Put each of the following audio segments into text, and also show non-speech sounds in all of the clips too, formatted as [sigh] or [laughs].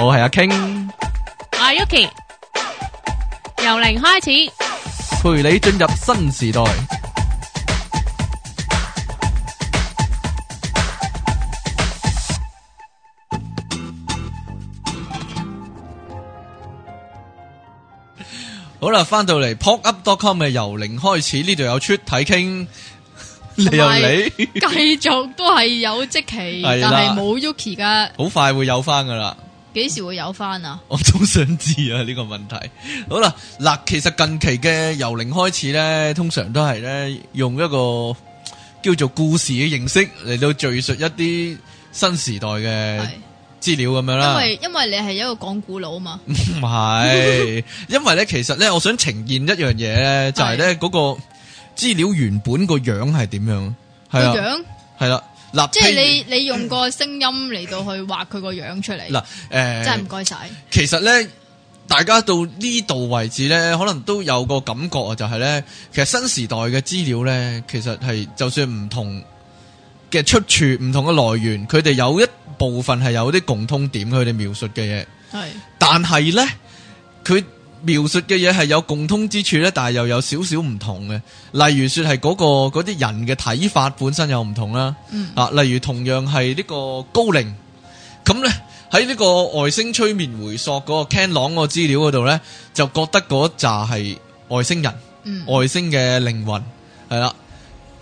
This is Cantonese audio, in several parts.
我係阿 King，傾，阿 Yuki 由零開始，陪你進入新時代。 [music] 好啦，翻到嚟 popup.com 嘅由零開始呢度有出睇傾，有 [laughs] 你又由你繼 [laughs] 續都係有即期，了但係冇 Yuki 㗎，好快會有翻㗎喇。幾時會有翻啊？ [laughs] 我都想知啊！呢個問題好啦，嗱，其實近期嘅由零開始咧，通常都係咧用一個叫做故事嘅形式嚟到敘述一啲新時代嘅資料咁樣啦。因為因為你係一個講古佬啊嘛，唔係， [laughs] 因為咧其實咧，我想呈現一樣嘢咧，就係咧嗰個資料原本個樣係點樣？係啊，係啦。即係你你用個聲音嚟到去畫佢個樣出嚟，嗱，誒、呃，真係唔該晒。其實咧，大家到呢度為止咧，可能都有個感覺啊，就係、是、咧，其實新時代嘅資料咧，其實係就算唔同嘅出處，唔同嘅來源，佢哋有一部分係有啲共通點，佢哋描述嘅嘢，係是，但係咧，佢。描述嘅嘢係有共通之處咧，但係又有少少唔同嘅。例如說係嗰、那個嗰啲人嘅睇法本身有唔同啦。嗯、啊，例如同樣係呢個高齡，咁咧喺呢個外星催眠回溯嗰個 Ken Long 個資料嗰度咧，就覺得嗰咋係外星人，嗯、外星嘅靈魂係啦，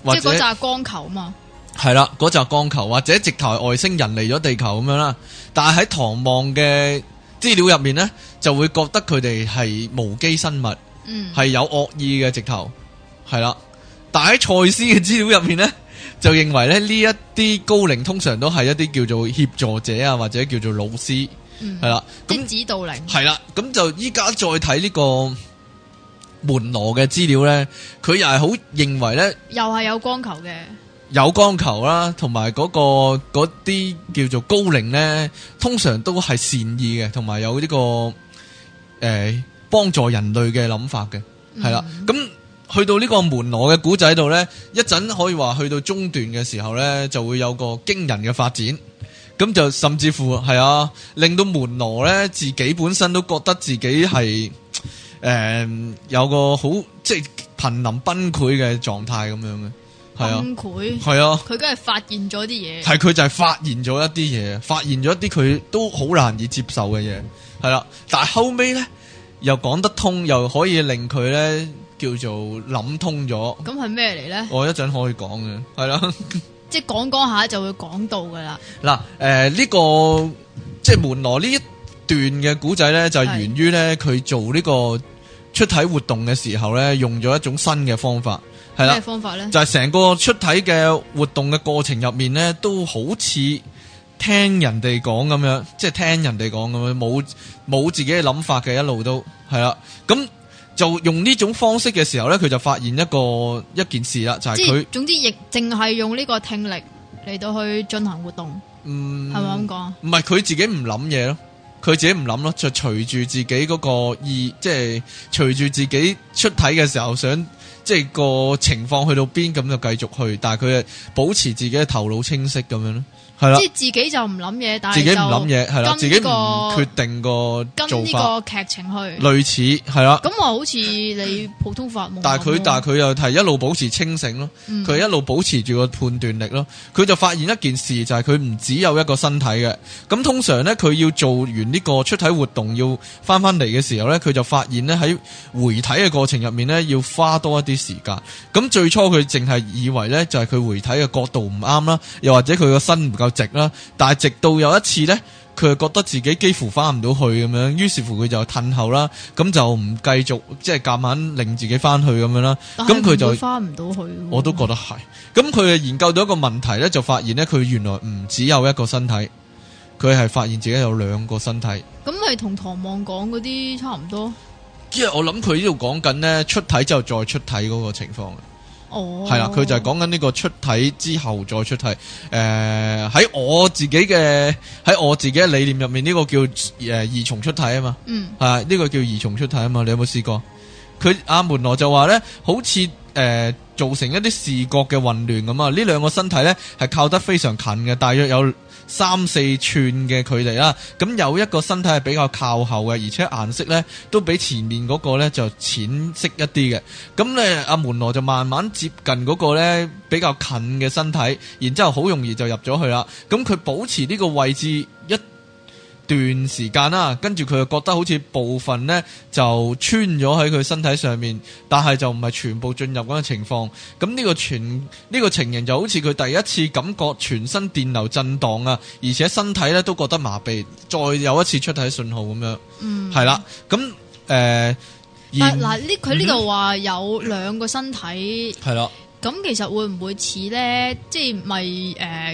或者即係嗰咋光球嘛，係啦，嗰咋光球或者直頭係外星人嚟咗地球咁樣啦。但係喺唐望嘅資料入面咧。就會覺得佢哋係無機生物，係有惡意嘅，直頭係啦。但喺賽斯嘅資料入面咧，就認為咧，呢一啲高靈通常都係一啲叫做協助者啊，或者叫做老師，係啦。咁指導靈係啦，咁就依家再睇呢個門羅嘅資料咧，佢又係好認為咧，又係有光球嘅，有光球啦，同埋嗰個嗰啲叫做高靈咧，通常都係善意嘅，同埋有呢個。誒，幫助人類嘅諗法嘅，係啦、嗯，咁去到呢個門羅嘅古仔度呢，一陣可以話去到中段嘅時候呢，就會有個驚人嘅發展，咁就甚至乎係啊，令到門羅呢自己本身都覺得自己係誒、呃、有個好即係瀕臨崩潰嘅狀態咁樣嘅，係啊，崩潰，係啊，佢梗係發現咗啲嘢，係佢就係發現咗一啲嘢，發現咗一啲佢都好難以接受嘅嘢。係啦，但係後尾咧又講得通，又可以令佢咧叫做諗通咗。咁係咩嚟咧？我一陣可以講嘅，係啦、呃這個，即係講講下就會講到噶啦。嗱，誒，呢個即係門羅呢一段嘅古仔咧，就是、源於咧佢做呢個出體活動嘅時候咧，用咗一種新嘅方法。係啦，咩方法咧，就係成個出體嘅活動嘅過程入面咧，都好似。聽人哋講咁樣，即係聽人哋講咁樣，冇冇自己嘅諗法嘅，一路都係啦。咁就用呢種方式嘅時候呢，佢就發現一個一件事啦，就係佢、即係、總之亦淨係用呢個聽力嚟到去進行活動，嗯，係咪咁講？唔係佢自己唔諗嘢咯，佢自己唔諗咯，就隨住自己嗰個意，即係隨住自己出體嘅時候，想即係個情況去到邊，咁就繼續去。但係佢係保持自己嘅頭腦清晰咁樣咯。即係自己就唔諗嘢，但係就跟呢、自己唔決定個跟呢個劇情去類似係啦。咁話好似你普通法，但係佢但係佢又係一路保持清醒咯。佢、嗯、一路保持住個判斷力咯。佢就發現一件事就係佢唔只有一個身體嘅。咁通常咧，佢要做完呢個出體活動要翻翻嚟嘅時候咧，佢就發現咧，喺回體嘅過程入面咧，要花多一啲時間。咁最初佢淨係以為咧就係、是、佢回體嘅角度唔啱啦，又或者佢個身唔夠。直啦，但係直到有一次呢，佢係覺得自己幾乎翻唔到去咁樣，於是乎佢就褪後啦，咁就唔繼續即係夾硬令自己翻去咁樣啦，咁佢就翻唔到去。我都覺得係，咁佢又研究到一個問題呢，就發現呢，佢原來唔只有一個身體，佢係發現自己有兩個身體。咁係同唐望講嗰啲差唔多。即係我諗佢呢度講緊呢，出體之後再出體嗰個情況。哦，係啦，佢就係講緊呢個出體之後再出體，誒、呃、喺我自己嘅喺我自己嘅理念入面，呢、這個叫誒、呃、二重出體啊嘛，嗯，啊呢、這個叫二重出體啊嘛，你有冇試過？佢阿門羅就話咧，好似誒、呃、造成一啲視覺嘅混亂咁啊，呢兩個身體咧係靠得非常近嘅，大約有。三四寸嘅距離啦，咁有一個身體係比較靠後嘅，而且顏色呢都比前面嗰個呢就淺色一啲嘅。咁呢阿門羅就慢慢接近嗰個呢比較近嘅身體，然之後好容易就入咗去啦。咁佢保持呢個位置一段時間啦，跟住佢就覺得好似部分呢就穿咗喺佢身體上面，但係就唔係全部進入嗰個情況。咁呢個全呢、呢個情形就好似佢第一次感覺全身電流震盪啊，而且身體咧都覺得麻痹。再有一次出體信號咁樣，嗯，係啦。咁誒，嗱呢佢呢度話有兩個身體，係咯、嗯。咁的其實會唔會似呢？即係咪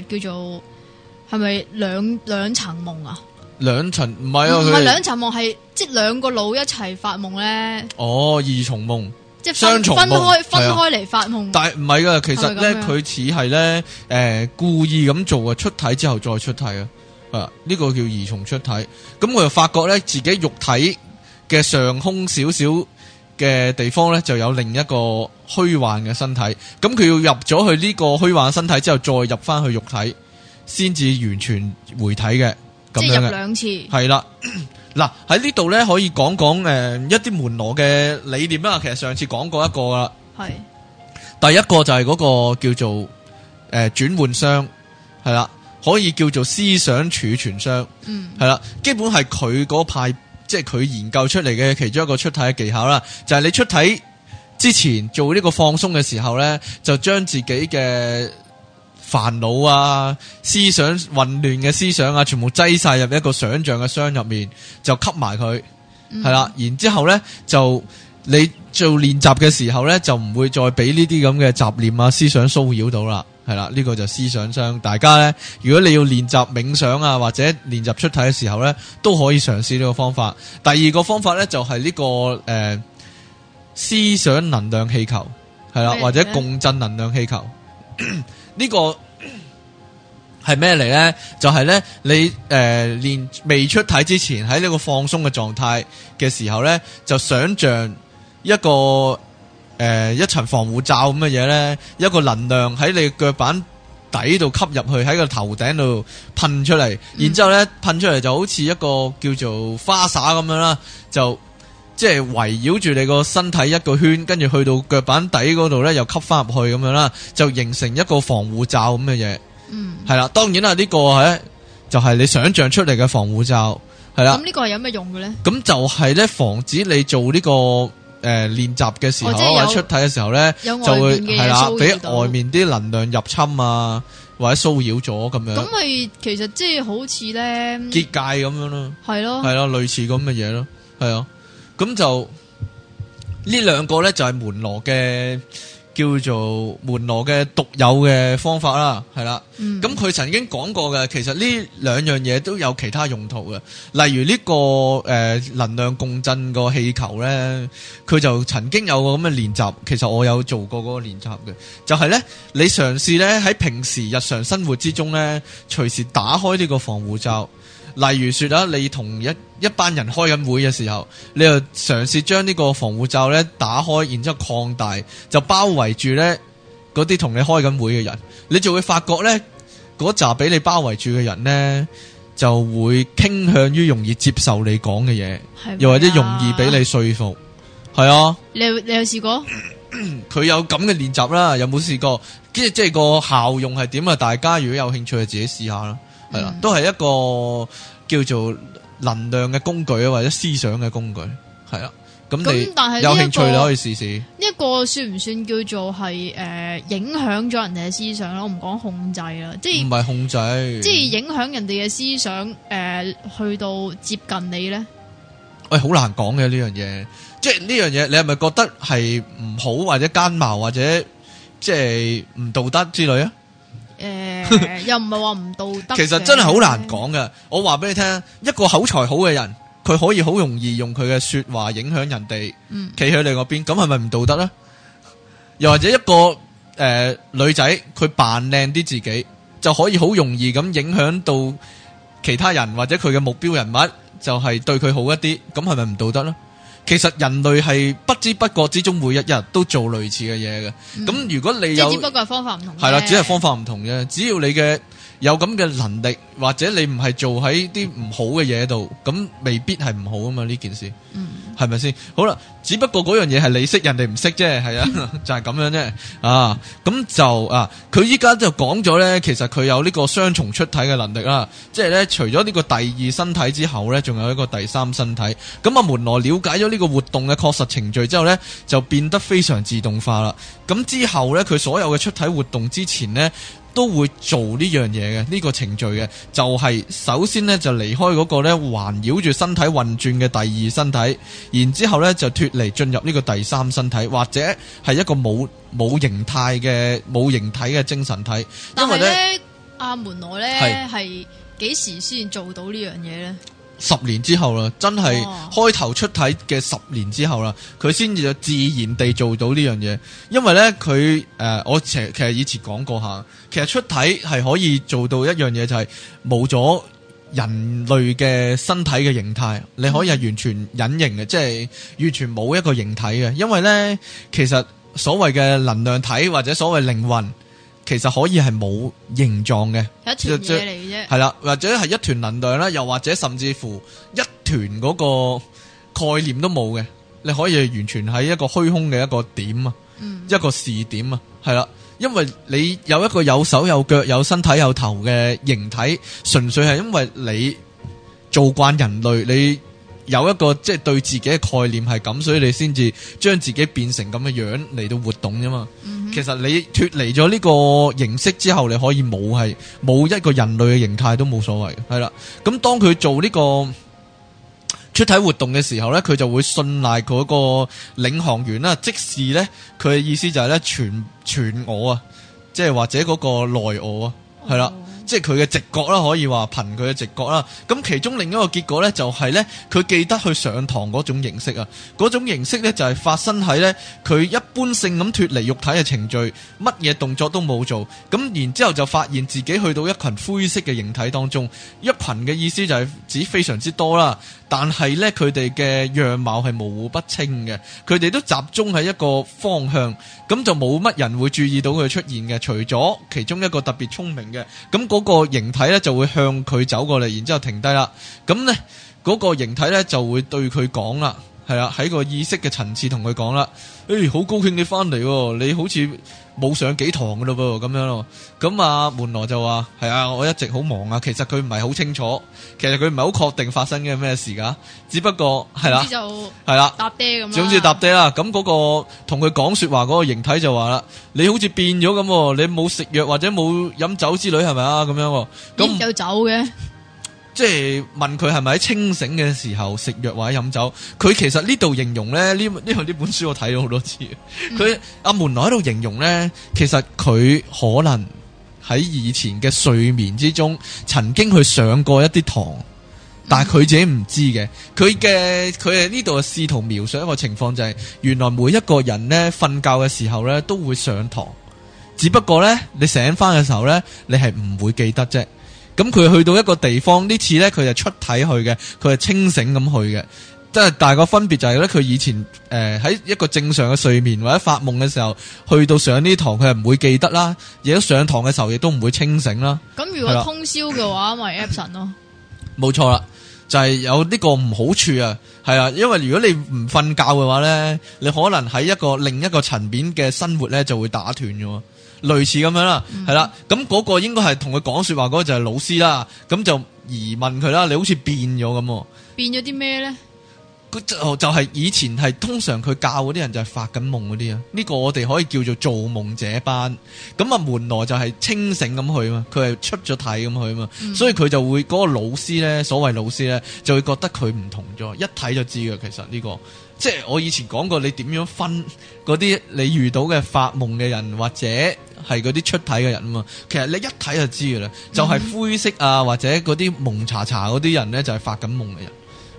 誒叫做係咪兩兩層夢啊？兩層唔係啊，佢唔係兩層夢，係即係兩個腦一齊發夢咧。哦，二重夢，即係雙重分開分開嚟發夢。但係唔係噶，其實咧佢似係咧誒故意咁做啊。出體之後再出體啊，啊、這、呢個叫二重出體。咁我又發覺咧自己肉體嘅上空少少嘅地方咧，就有另一個虛幻嘅身體。咁、啊、佢要入咗去呢個虛幻身體之後，再入翻去肉體，先至完全回體嘅。即係入兩次，係了 [coughs] 啦。嗱喺呢度咧，可以講講誒、呃、一啲門羅嘅理念啦。其實上次講過一個啦，係是第一個就係嗰個叫做誒、呃、轉換箱，係啦，可以叫做思想儲存箱，嗯，係啦。基本係佢嗰派，即係佢研究出嚟嘅其中一個出體嘅技巧啦。就係、是、你出體之前做呢個放鬆嘅時候咧，就將自己嘅。煩惱啊，思想混亂嘅思想啊，全部擠晒入一個想象嘅箱入面，就吸埋佢，係啦、嗯。然之後呢，就你做練習嘅時候呢，就唔會再俾呢啲咁嘅雜念啊、思想騷擾到啦，係啦。呢、這個就思想箱。大家呢，如果你要練習冥想啊，或者練習出體嘅時候呢，都可以嘗試呢個方法。第二個方法呢，就係、是、呢、這個誒、呃、思想能量氣球，係啦，或者共振能量氣球。 [coughs] 個呢個係咩嚟咧？就係、係、咧，你誒，練、呃、未出體之前，喺呢個放鬆嘅狀態嘅時候咧，就想象一個誒、呃、一層防護罩咁嘅嘢咧，一個能量喺你腳板底度吸入去，喺個頭頂度噴出嚟，嗯、然之後咧噴出嚟就好似一個叫做花灑咁樣啦，就。即係圍繞住你個身體一個圈，跟住去到腳板底嗰度咧，又吸翻入去咁樣啦，就形成一個防護罩咁嘅嘢。嗯，係啦，當然啦，呢、呢個係就係、係、你想象出嚟嘅防護罩，係啦。咁、嗯呢個、呢個係有咩用嘅咧？咁就係咧防止你做呢、呢個誒、呃、練習嘅時候，哦、或者出體嘅時候咧，就會係啦，俾的外面啲能量入侵啊，或者騷擾咗咁樣。咁咪、嗯、其實即係好似咧結界咁樣咯，係咯的，係咯，類似咁嘅嘢咯，係啊。咁就呢兩個呢，就係、是、門羅嘅叫做門羅嘅獨有嘅方法啦，係啦。咁佢、嗯、曾經講過嘅，其實呢兩樣嘢都有其他用途嘅。例如呢、這個誒、呃、能量共振個氣球呢，佢就曾經有個咁嘅練習。其實我有做過嗰個練習嘅，就係、是、呢：你嘗試呢，喺平時日常生活之中呢，隨時打開呢個防護罩。例如說啦，你同一一班人開緊會嘅時候，你又嘗試將呢個防護罩咧打開，然之後擴大，就包圍住咧嗰啲同你開緊會嘅人，你就會發覺咧嗰紮俾你包圍住嘅人咧，就會傾向於容易接受你講嘅嘢，是是啊、又或者容易俾你說服，係你啊。你你有試過？佢 [coughs] 有咁嘅練習啦，有冇試過？即即係個效用係點啊？大家如果有興趣，自己試下啦。係啦，都係一個叫做能量嘅工具啊，或者思想嘅工具，係啦。咁你但、這個、有興趣你可以試試。呢一、這個這個算唔算叫做係誒、呃、影響咗人哋嘅思想咯？我唔講控制啦，即係唔係控制，即係影響人哋嘅思想誒、呃，去到接近你咧。喂、欸，好難講嘅呢樣嘢，即係呢樣嘢，這個、你係咪覺得係唔好或者奸謀或者即係唔道德之類啊？誒，又唔係話唔道德？其實真係好難講㗎。我話俾你聽，一個口才好嘅人，佢可以好容易用佢嘅說話影響人哋，企喺、嗯、你嗰邊，咁係咪唔道德呢？又或者一個誒、呃、女仔，佢扮靚啲自己，就可以好容易咁影響到其他人，或者佢嘅目標人物，就係、是、對佢好一啲，咁係咪唔道德呢？其實人類係不知不覺之中每一日都做類似嘅嘢嘅，咁、嗯、如果你有，即係只不過方法唔同，係啦的，的只係方法唔同啫，的只要你嘅。有咁嘅能力，或者你唔係做喺啲唔好嘅嘢度，咁未必係唔好啊嘛？呢件事，係咪先？好啦，只不過嗰樣嘢係你識，人哋唔識啫，係啊， [laughs] 就係咁樣啫。啊，咁就啊，佢依家就講咗呢，其實佢有呢個雙重出體嘅能力啦，即係呢，除咗呢個第二身體之後呢，仲有一個第三身體。咁啊，門羅了解咗呢個活動嘅確實程序之後呢，就變得非常自動化啦。咁之後呢，佢所有嘅出體活動之前呢。都會做呢樣嘢嘅，呢、這個程序嘅，就係、是、首先呢，就離開嗰個呢，環繞住身體運轉嘅第二身體，然之後呢就脫離進入呢個第三身體，或者係一個冇冇形態嘅冇形體嘅精神體。但係呢，阿、啊、門羅呢，係幾是時先做到呢樣嘢呢？十年之後啦，真係、哦、開頭出體嘅十年之後啦，佢先至啊自然地做到呢樣嘢，因為呢，佢誒、呃，我其實，其實以前講過下，其實出體係可以做到一樣嘢，就係冇咗人類嘅身體嘅形態，你可以係完全隱形嘅，嗯、即係完全冇一個形體嘅，因為呢，其實所謂嘅能量體或者所謂靈魂。其實可以係冇形狀嘅，一團嘢嚟嘅啫。係啦，或者係一團能量啦，又或者甚至乎一團嗰個概念都冇嘅。你可以完全喺一個虛空嘅一個點啊，嗯、一個視點啊，係啦。因為你有一個有手有腳有身體有頭嘅形體，純粹係因為你做慣人類，你有一個即係、就是、對自己嘅概念係咁，所以你先至將自己變成咁嘅樣嚟到活動啫嘛。嗯其實你脫離咗呢個形式之後，你可以冇係冇一個人類嘅形態都冇所謂嘅，係啦。咁當佢做呢個出體活動嘅時候呢，佢就會信賴嗰個領航員啦。即使呢，佢嘅意思就係呢：「全全我啊，即係或者嗰個內我啊」，係啦。嗯即係佢嘅直覺啦，可以話憑佢嘅直覺啦。咁其中另一個結果呢，就係呢，佢記得去上堂嗰種形式啊。嗰種形式呢，就係發生喺呢，佢一般性咁脫離肉體嘅程序，乜嘢動作都冇做。咁然之後就發現自己去到一群灰色嘅形體當中，一群嘅意思就係指非常之多啦。但係呢，佢哋嘅樣貌係模糊不清嘅，佢哋都集中喺一個方向，咁就冇乜人會注意到佢出現嘅，除咗其中一個特別聰明嘅咁。嗰個形體咧就會向佢走過嚟，然之後停低啦。咁呢，嗰、嗰個形體咧就會對佢講啦，係啦，喺個意識嘅層次同佢講啦。誒，好高興你翻嚟，你好似～冇上幾堂噶咯噃，咁樣咯，咁啊門羅就話：係啊，我一直好忙啊。其實佢唔係好清楚，其實佢唔係好確定發生嘅咩事噶、啊。只不過係啦，係啦、啊，搭爹咁啦，總之搭爹啦。咁嗰、那個同佢講説話嗰個形體就話啦：你好似變咗咁喎，你冇食藥或者冇飲酒之類係咪啊？咁樣喎，咁有酒嘅。 [laughs] 即係問佢係咪喺清醒嘅時候食藥或者飲酒？佢其實呢度形容呢，呢本呢本書我睇咗好多次。佢阿、嗯啊、門羅喺度形容呢，其實佢可能喺以前嘅睡眠之中，曾經去上過一啲堂，但係佢自己唔知嘅。佢嘅佢喺呢度試圖描述一個情況、就是，就係原來每一個人咧瞓覺嘅時候呢，都會上堂，只不過呢，你醒翻嘅時候呢，你係唔會記得啫。咁佢去到一個地方，呢次呢，佢係出體去嘅，佢係清醒咁去嘅，即係大個分別就係呢，佢以前誒喺、呃、一個正常嘅睡眠或者發夢嘅時候，去到上呢堂佢係唔會記得啦，而家上堂嘅時候亦都唔會清醒啦。咁如果通宵嘅話咪 absent 咯，冇錯啦， [coughs] 就係有呢個唔好處啊，係啊，因為如果你唔瞓覺嘅話呢，你可能喺一個另一個層面嘅生活呢，就會打斷嘅。類似咁樣啦，係啦、嗯哼，咁嗰、那個應該係同佢講說話嗰個就係老師啦，咁就疑問佢啦，你好似變咗咁。變咗啲咩咧？佢就就係以前係通常佢教嗰啲人就係發緊夢嗰啲啊，呢、這個我哋可以叫做造夢者班。咁啊門羅就係清醒咁去啊，佢係出咗體咁去啊，所以佢就會嗰、那個老師咧，所謂老師咧，就會覺得佢唔同咗，一睇就知嘅，其實呢、這個。即係我以前講過，你點樣分嗰啲你遇到嘅發夢嘅人，或者係嗰啲出體嘅人啊嘛？其實你一睇就知噶啦，嗯、就係灰色啊，或者嗰啲蒙查查嗰啲人咧，就係、是、發緊夢嘅人，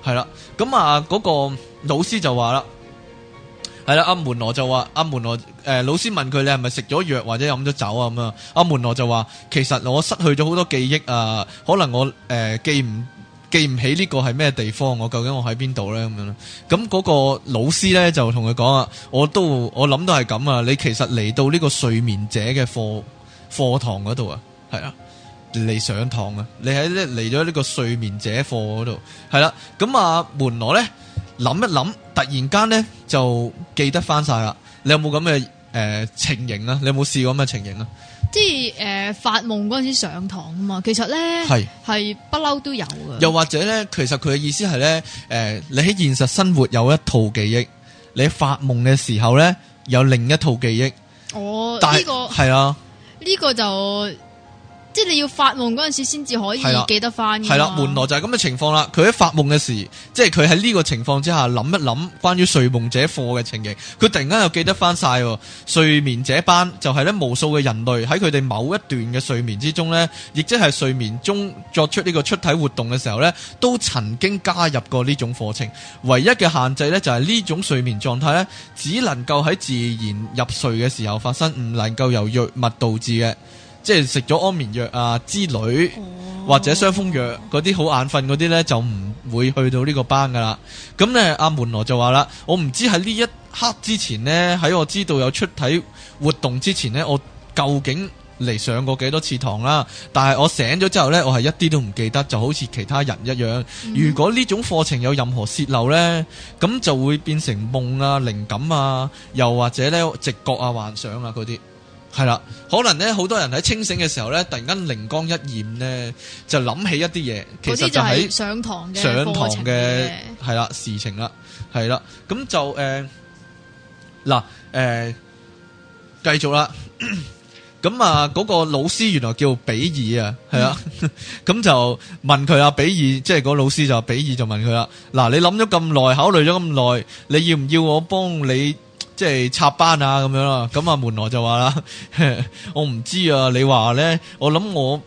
係啦。咁啊，嗰個老師就話啦，係啦，阿、啊、門羅就話，阿、啊、門羅，誒、呃，老師問佢你係咪食咗藥或者飲咗酒啊？咁啊，阿門羅就話，其實我失去咗好多記憶啊，可能我誒、呃、記唔。記唔起呢個係咩地方？我究竟我喺邊度呢？咁樣？咁嗰個老師呢，就同佢講啊，我都我諗到係咁啊。你其實嚟到呢個睡眠者嘅課課堂嗰度啊，係啊，嚟上堂啊，你喺呢嚟咗呢個睡眠者課嗰度，係啦。咁啊，門羅呢，諗一諗，突然間呢，就記得翻晒啦。你有冇咁嘅誒情形啊？你有冇試過咁嘅情形啊？即係誒、呃，發夢嗰陣時上堂啊嘛，其實咧係係不嬲都有嘅。又或者咧，其實佢嘅意思係咧，誒、呃，你喺現實生活有一套記憶，你發夢嘅時候咧有另一套記憶。哦，我呢但、呢個係啊，呢個就。即係你要發夢嗰陣時，先至可以記得翻。係啦，門羅就係咁嘅情況啦。佢喺發夢嘅時，即係佢喺呢個情況之下諗一諗關於睡夢者課嘅情形，佢突然間又記得翻晒睡眠者班，就係咧無數嘅人類喺佢哋某一段嘅睡眠之中咧，亦即係睡眠中作出呢個出體活動嘅時候咧，都曾經加入過呢種課程。唯一嘅限制咧，就係呢種睡眠狀態咧，只能夠喺自然入睡嘅時候發生，唔能夠由藥物導致嘅。即係食咗安眠藥啊之類，Oh. 或者傷風藥嗰啲好眼瞓嗰啲呢，就唔會去到呢個班噶啦。咁呢，阿、啊、門羅就話啦：我唔知喺呢一刻之前呢，喺我知道有出體活動之前呢，我究竟嚟上過幾多次堂啦？但係我醒咗之後呢，我係一啲都唔記得，就好似其他人一樣。Mm. 如果呢種課程有任何洩漏呢，咁就會變成夢啊、靈感啊，又或者呢，直覺啊、幻想啊嗰啲。係啦，可能咧，好多人喺清醒嘅時候咧，突然間靈光一現咧，就諗起一啲嘢。其實就係上堂嘅上堂嘅係啦事情啦，係啦，咁就誒嗱誒繼續啦。咁啊，嗰個老師原來叫比爾啊，係啊，咁就問佢啊比爾，即係嗰老師就比爾就問佢啦。嗱，你諗咗咁耐，考慮咗咁耐，你要唔要我幫你？即係插班啊，咁樣啦，咁阿門羅就話啦，我唔知啊，你話咧，我諗我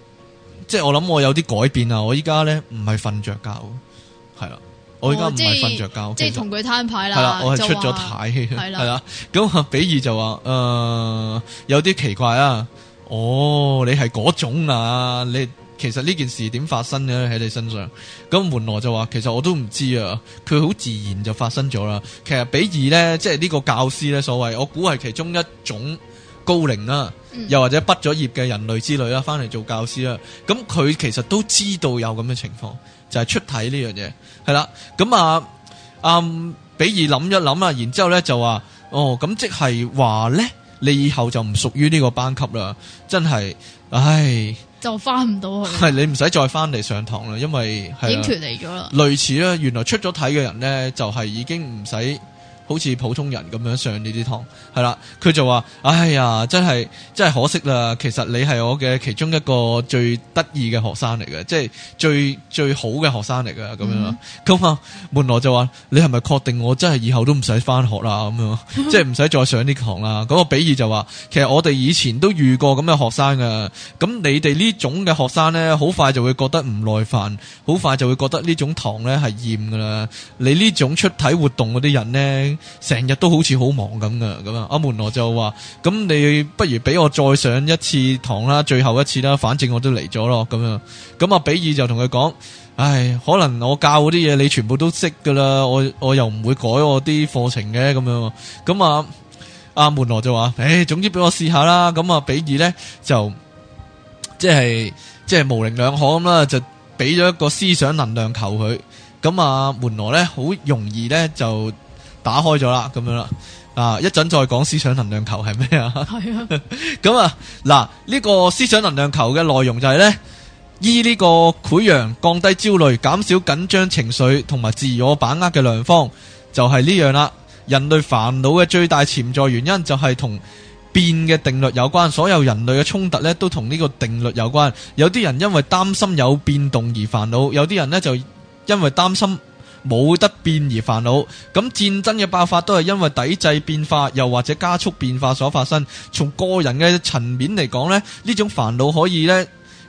即係我諗我有啲改變啊，我依家咧唔係瞓着覺，係啦，我依家唔係瞓着覺，即係同佢攤牌啦，係啦，我係出咗體，係啦，咁啊，比爾就話，誒，有啲奇怪啊，哦，你係嗰種啊，你。其實呢件事點發生嘅喺你身上？咁門羅就話：，其實我都唔知啊。佢好自然就發生咗啦。其實比爾呢，即係呢個教師呢，所謂我估係其中一種高靈啦，又或者畢咗業嘅人類之類啦，翻嚟做教師啦。咁佢其實都知道有咁嘅情況，就係、是、出體呢樣嘢係啦。咁啊，啊，比爾諗一諗啊，然之後咧就話：，哦，咁即係話呢，你以後就唔屬於呢個班級啦。真係，唉。就翻唔到去了，係你唔使再翻嚟上堂啦，因為係已經脫離咗啦。啊、類似啦，原來出咗體嘅人咧，就係、是、已經唔使好似普通人咁樣上呢啲堂，係啦，佢就話：哎呀，真係真係可惜啦！其實你係我嘅其中一個最得意嘅學生嚟嘅，即係最最好嘅學生嚟嘅咁樣。咁啊、mm hmm.，門羅就話：你係咪確定我真係以後都唔使翻學啦，咁樣，即係唔使再上呢堂啦。咁啊、mm，hmm. 個比爾就話：其實我哋以前都遇過咁嘅學生嘅，咁你哋呢種嘅學生呢，好快就會覺得唔耐煩，好快就會覺得呢種堂呢係厭嘅啦。你呢種出體活動嗰啲人呢。成日都好似好忙咁噶，咁啊阿門羅就話：，咁你不如俾我再上一次堂啦，最後一次啦，反正我都嚟咗咯，咁樣，咁啊比爾就同佢講：，唉，可能我教嗰啲嘢你全部都識噶啦，我我又唔會改我啲課程嘅，咁樣，咁啊阿、啊啊、門羅就話：，唉、欸，總之俾我試下啦，咁啊比爾呢，就即係即係模棱兩可咁啦，就俾咗一個思想能量求佢，咁啊門羅呢，好容易呢就。打開咗啦，咁樣啦，啊，一陣再講思想能量球係咩啊？係、 [laughs] 嗯、啊，咁啊，嗱，呢個思想能量球嘅內容就係、是、呢：依呢個潰瘍降低焦慮、減少緊張情緒同埋自我把握嘅良方，就係、是、呢樣啦。人類煩惱嘅最大潛在原因就係同變嘅定律有關，所有人類嘅衝突呢都同呢個定律有關。有啲人因為擔心有變動而煩惱，有啲人呢就因為擔心。冇得變而煩惱，咁戰爭嘅爆發都係因為抵制變化，又或者加速變化所發生。從個人嘅層面嚟講呢，呢種煩惱可以呢，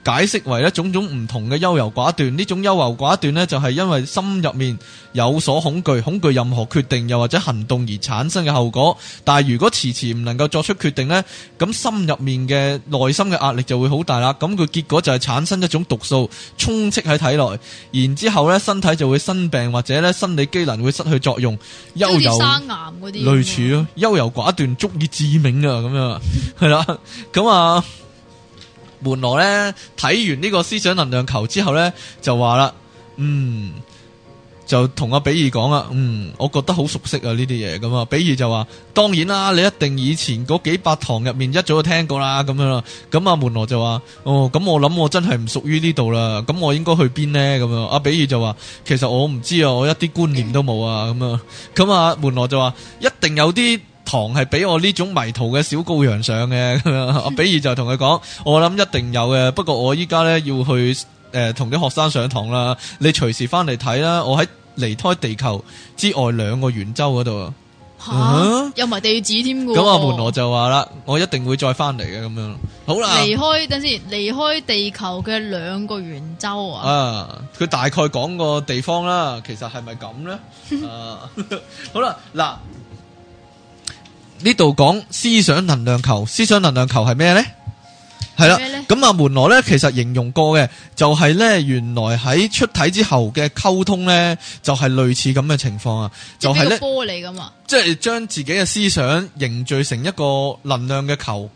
解釋為一種種唔同嘅優柔寡斷，呢種優柔寡斷呢，就係因為心入面有所恐懼，恐懼任何決定又或者行動而產生嘅後果。但係如果遲遲唔能夠作出決定呢，咁心入面嘅內心嘅壓力就會好大啦。咁佢結果就係產生一種毒素充斥喺體內，然之後咧身體就會生病或者呢，生理機能會失去作用。好似生癌嗰啲類似咯，優柔寡斷足以致命啊！咁樣係啦，咁 [laughs] 啊。門羅咧睇完呢個思想能量球之後咧就話啦，嗯，就同阿比爾講啊，嗯，我覺得好熟悉啊，呢啲嘢咁啊。比爾就話，當然啦，你一定以前嗰幾百堂入面一早就聽過啦咁樣啦。咁、嗯、阿門羅就話，哦，咁我諗我真係唔屬於呢度啦，咁我應該去邊呢？咁樣。阿、嗯、比爾就話，其實我唔知啊，我一啲觀念都冇啊咁樣。咁啊、嗯嗯嗯、門羅就話，一定有啲堂係俾我呢種迷途嘅小羔羊上嘅。阿 [laughs] 比爾就同佢講，我諗一定有嘅，不過我依家咧要去誒同啲學生上堂啦，你隨時翻嚟睇啦，我喺離開地球之外兩個圓周嗰度，吓有埋地址添嘅。咁、那、阿、個、門羅就話啦，我一定會再翻嚟嘅，咁樣好啦。離開等先，離開地球嘅兩個圓周啊！啊，佢大概講個地方啦，其實係咪咁咧？啊， [laughs] [laughs] 好啦，嗱。呢度講思想能量球，思想能量球係咩呢？係啦，咁啊門羅咧，其實形容過嘅就係咧，原來喺出體之後嘅溝通咧，就係類似咁嘅情況啊，就係咧，即係玻璃噶嘛，即係將自己嘅思想凝聚成一個能量嘅球，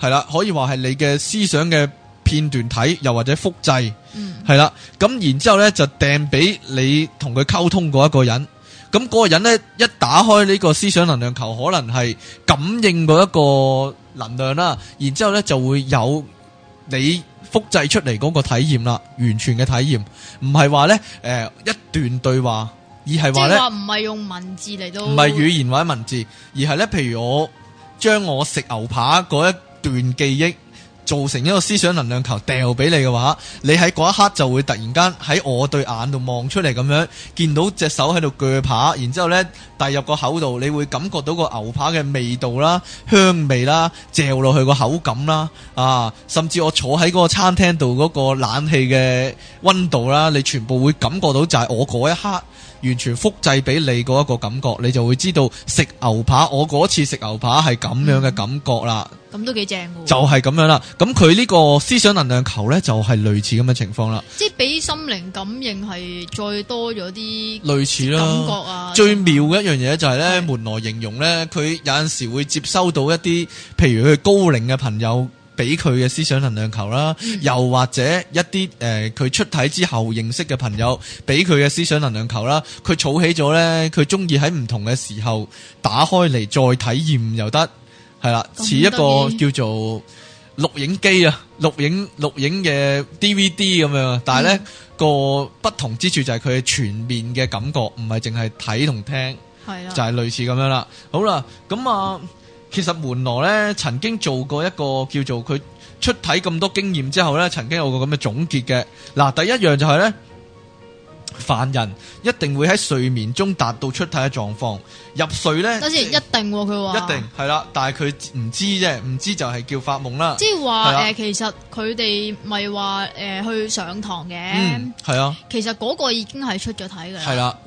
係啦，可以話係你嘅思想嘅片段體，又或者複製，嗯，係啦，咁然之後咧就掟俾你同佢溝通嗰一個人。咁嗰個人咧，一打開呢個思想能量球，可能係感應嗰一個能量啦，然之後咧就會有你複製出嚟嗰個體驗啦，完全嘅體驗，唔係話咧，誒一段對話，而係話咧，唔係用文字嚟到，唔係語言或者文字，而係咧，譬如我將我食牛扒嗰一段記憶。做成一個思想能量球掉俾你嘅話，你喺嗰一刻就會突然間喺我對眼度望出嚟咁樣，見到隻手喺度鋸扒，然之後呢，遞入個口度，你會感覺到個牛扒嘅味道啦、香味啦、嚼落去個口感啦，啊，甚至我坐喺嗰個餐廳度嗰個冷氣嘅溫度啦，你全部會感覺到就係我嗰一刻。完全複製俾你嗰一個感覺，你就會知道食牛扒，我嗰次食牛扒係咁樣嘅感覺啦。咁都幾正嘅，就係咁樣啦。咁佢呢個思想能量球呢，就係、是、類似咁嘅情況啦。即係俾心靈感應係再多咗啲類似感覺啊。以最妙嘅一樣嘢就係呢是門羅形容呢，佢有陣時會接收到一啲，譬如佢高齡嘅朋友。俾佢嘅思想能量球啦，嗯、又或者一啲誒，佢、呃、出體之後認識嘅朋友俾佢嘅思想能量球啦，佢儲起咗呢，佢中意喺唔同嘅時候打開嚟，再體驗又得，係啦，似一個叫做錄影機啊，錄影錄影嘅 DVD 咁樣，但係呢、嗯、個不同之處就係佢嘅全面嘅感覺，唔係淨係睇同聽，係啦的，就係類似咁樣啦。好啦，咁、嗯、啊。嗯其實門羅咧曾經做過一個叫做佢出體咁多經驗之後咧，曾經有個咁嘅總結嘅。嗱，第一樣就係咧，凡人一定會喺睡眠中達到出體嘅狀況。入睡咧，嗰時一定佢話，一定係、啊、啦。但係佢唔知啫，唔知就係叫發夢啦。即係話誒，其實佢哋咪話誒去上堂嘅，係啊、嗯。其實嗰個已經係出咗體嘅。係啦。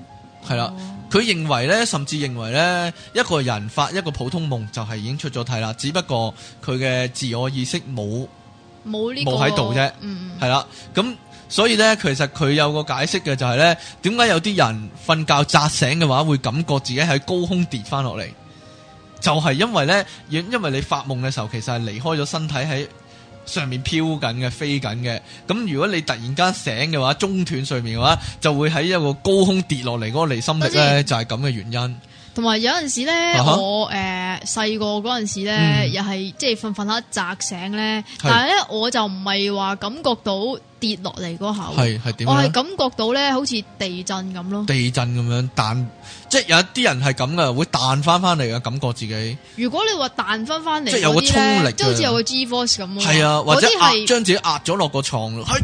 係啦，佢認為呢，甚至認為呢，一個人發一個普通夢就係已經出咗體啦，只不過佢嘅自我意識冇冇喺度啫，係啦、呢個，咁、嗯、所以呢，其實佢有個解釋嘅就係呢，點解有啲人瞓覺扎醒嘅話會感覺自己喺高空跌翻落嚟，就係、是、因為呢，因因為你發夢嘅時候，其實係離開咗身體喺。上面飄緊嘅，飛緊嘅，咁如果你突然間醒嘅話，中斷睡眠嘅話，嗯、就會喺一個高空跌落嚟，嗰個離心力咧，是就係咁嘅原因。同埋有陣時咧，我誒細個嗰陣時咧，又係即係瞓瞓下窒醒咧，但係咧我就唔係話感覺到跌落嚟嗰下，係係點？我係感覺到咧好似地震咁咯，地震咁樣彈，即係有一啲人係咁噶，會彈翻翻嚟嘅感覺自己。如果你話彈翻翻嚟，即係有個衝力，即係好似有個 G force 咁。係啊，或者壓將自己壓咗落個牀。哎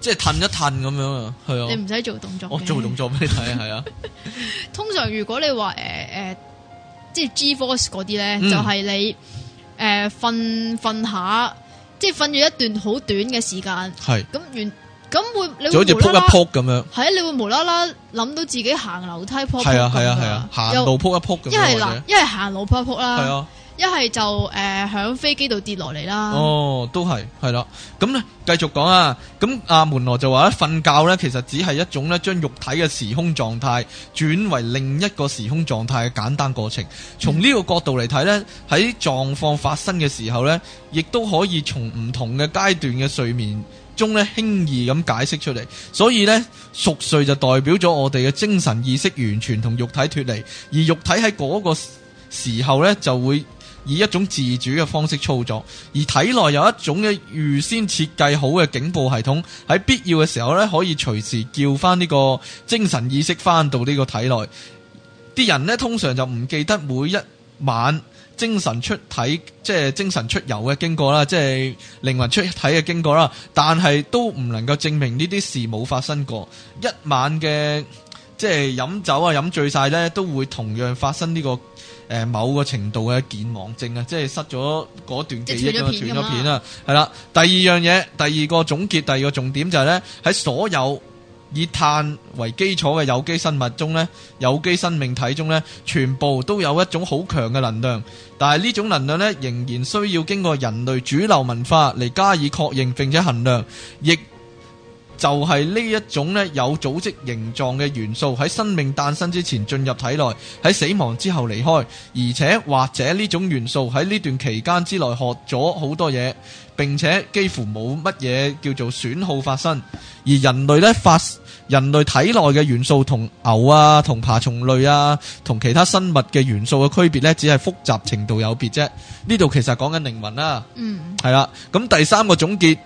即係褪一褪咁樣啊，係啊！你唔使做動作嘅，我、哦、做動作俾你睇係 [laughs] 啊。 [laughs] 通常如果你話誒誒，即係 G-Force 嗰啲咧，嗯、就係你誒瞓瞓下，即係瞓咗一段好短嘅時間。係是。咁完咁會你會無啦啦？係啊，你會無啦啦諗到自己行樓梯扑扑咁樣係啊，係啊，係啊,啊,啊，行路扑一扑。一係嗱，因為行路扑一扑啦。一係就誒響、呃、飛機度跌落嚟啦。哦，都係，係啦。咁咧，繼續講啊。咁阿門羅就話，瞓覺呢，其實只係一種咧，將肉體嘅時空狀態轉為另一個時空狀態嘅簡單過程。從呢個角度嚟睇呢，喺狀況發生嘅時候呢，亦都可以從唔同嘅階段嘅睡眠中咧，輕易咁解釋出嚟。所以呢，熟睡就代表咗我哋嘅精神意識完全同肉體脫離，而肉體喺嗰個時候呢就會。以一種自主嘅方式操作，而體內有一種嘅預先設計好嘅警報系統，喺必要嘅時候咧，可以隨時叫翻呢個精神意識翻到呢個體內。啲人呢，通常就唔記得每一晚精神出體，即係精神出遊嘅經過啦，即係靈魂出體嘅經過啦，但係都唔能夠證明呢啲事冇發生過。一晚嘅即係飲酒啊，飲醉晒呢，都會同樣發生呢個。誒、呃、某個程度嘅健忘症啊，即係失咗嗰段記憶了啊，斷咗片啦，係啦。第二樣嘢，第二個總結，第二個重點就係呢，喺所有以碳為基礎嘅有機生物中呢，有機生命體中呢，全部都有一種好強嘅能量，但係呢種能量呢，仍然需要經過人類主流文化嚟加以確認，並且衡量，亦。就係呢一種咧，有組織形狀嘅元素，喺生命誕生之前進入體內，喺死亡之後離開，而且或者呢種元素喺呢段期間之內學咗好多嘢，並且幾乎冇乜嘢叫做損耗發生。而人類咧，發，人類體內嘅元素同牛啊、同爬蟲類啊、同其他生物嘅元素嘅區別咧，只係複雜程度有別啫。呢度其實講緊靈魂啦、啊，係啦、嗯。咁第三個總結。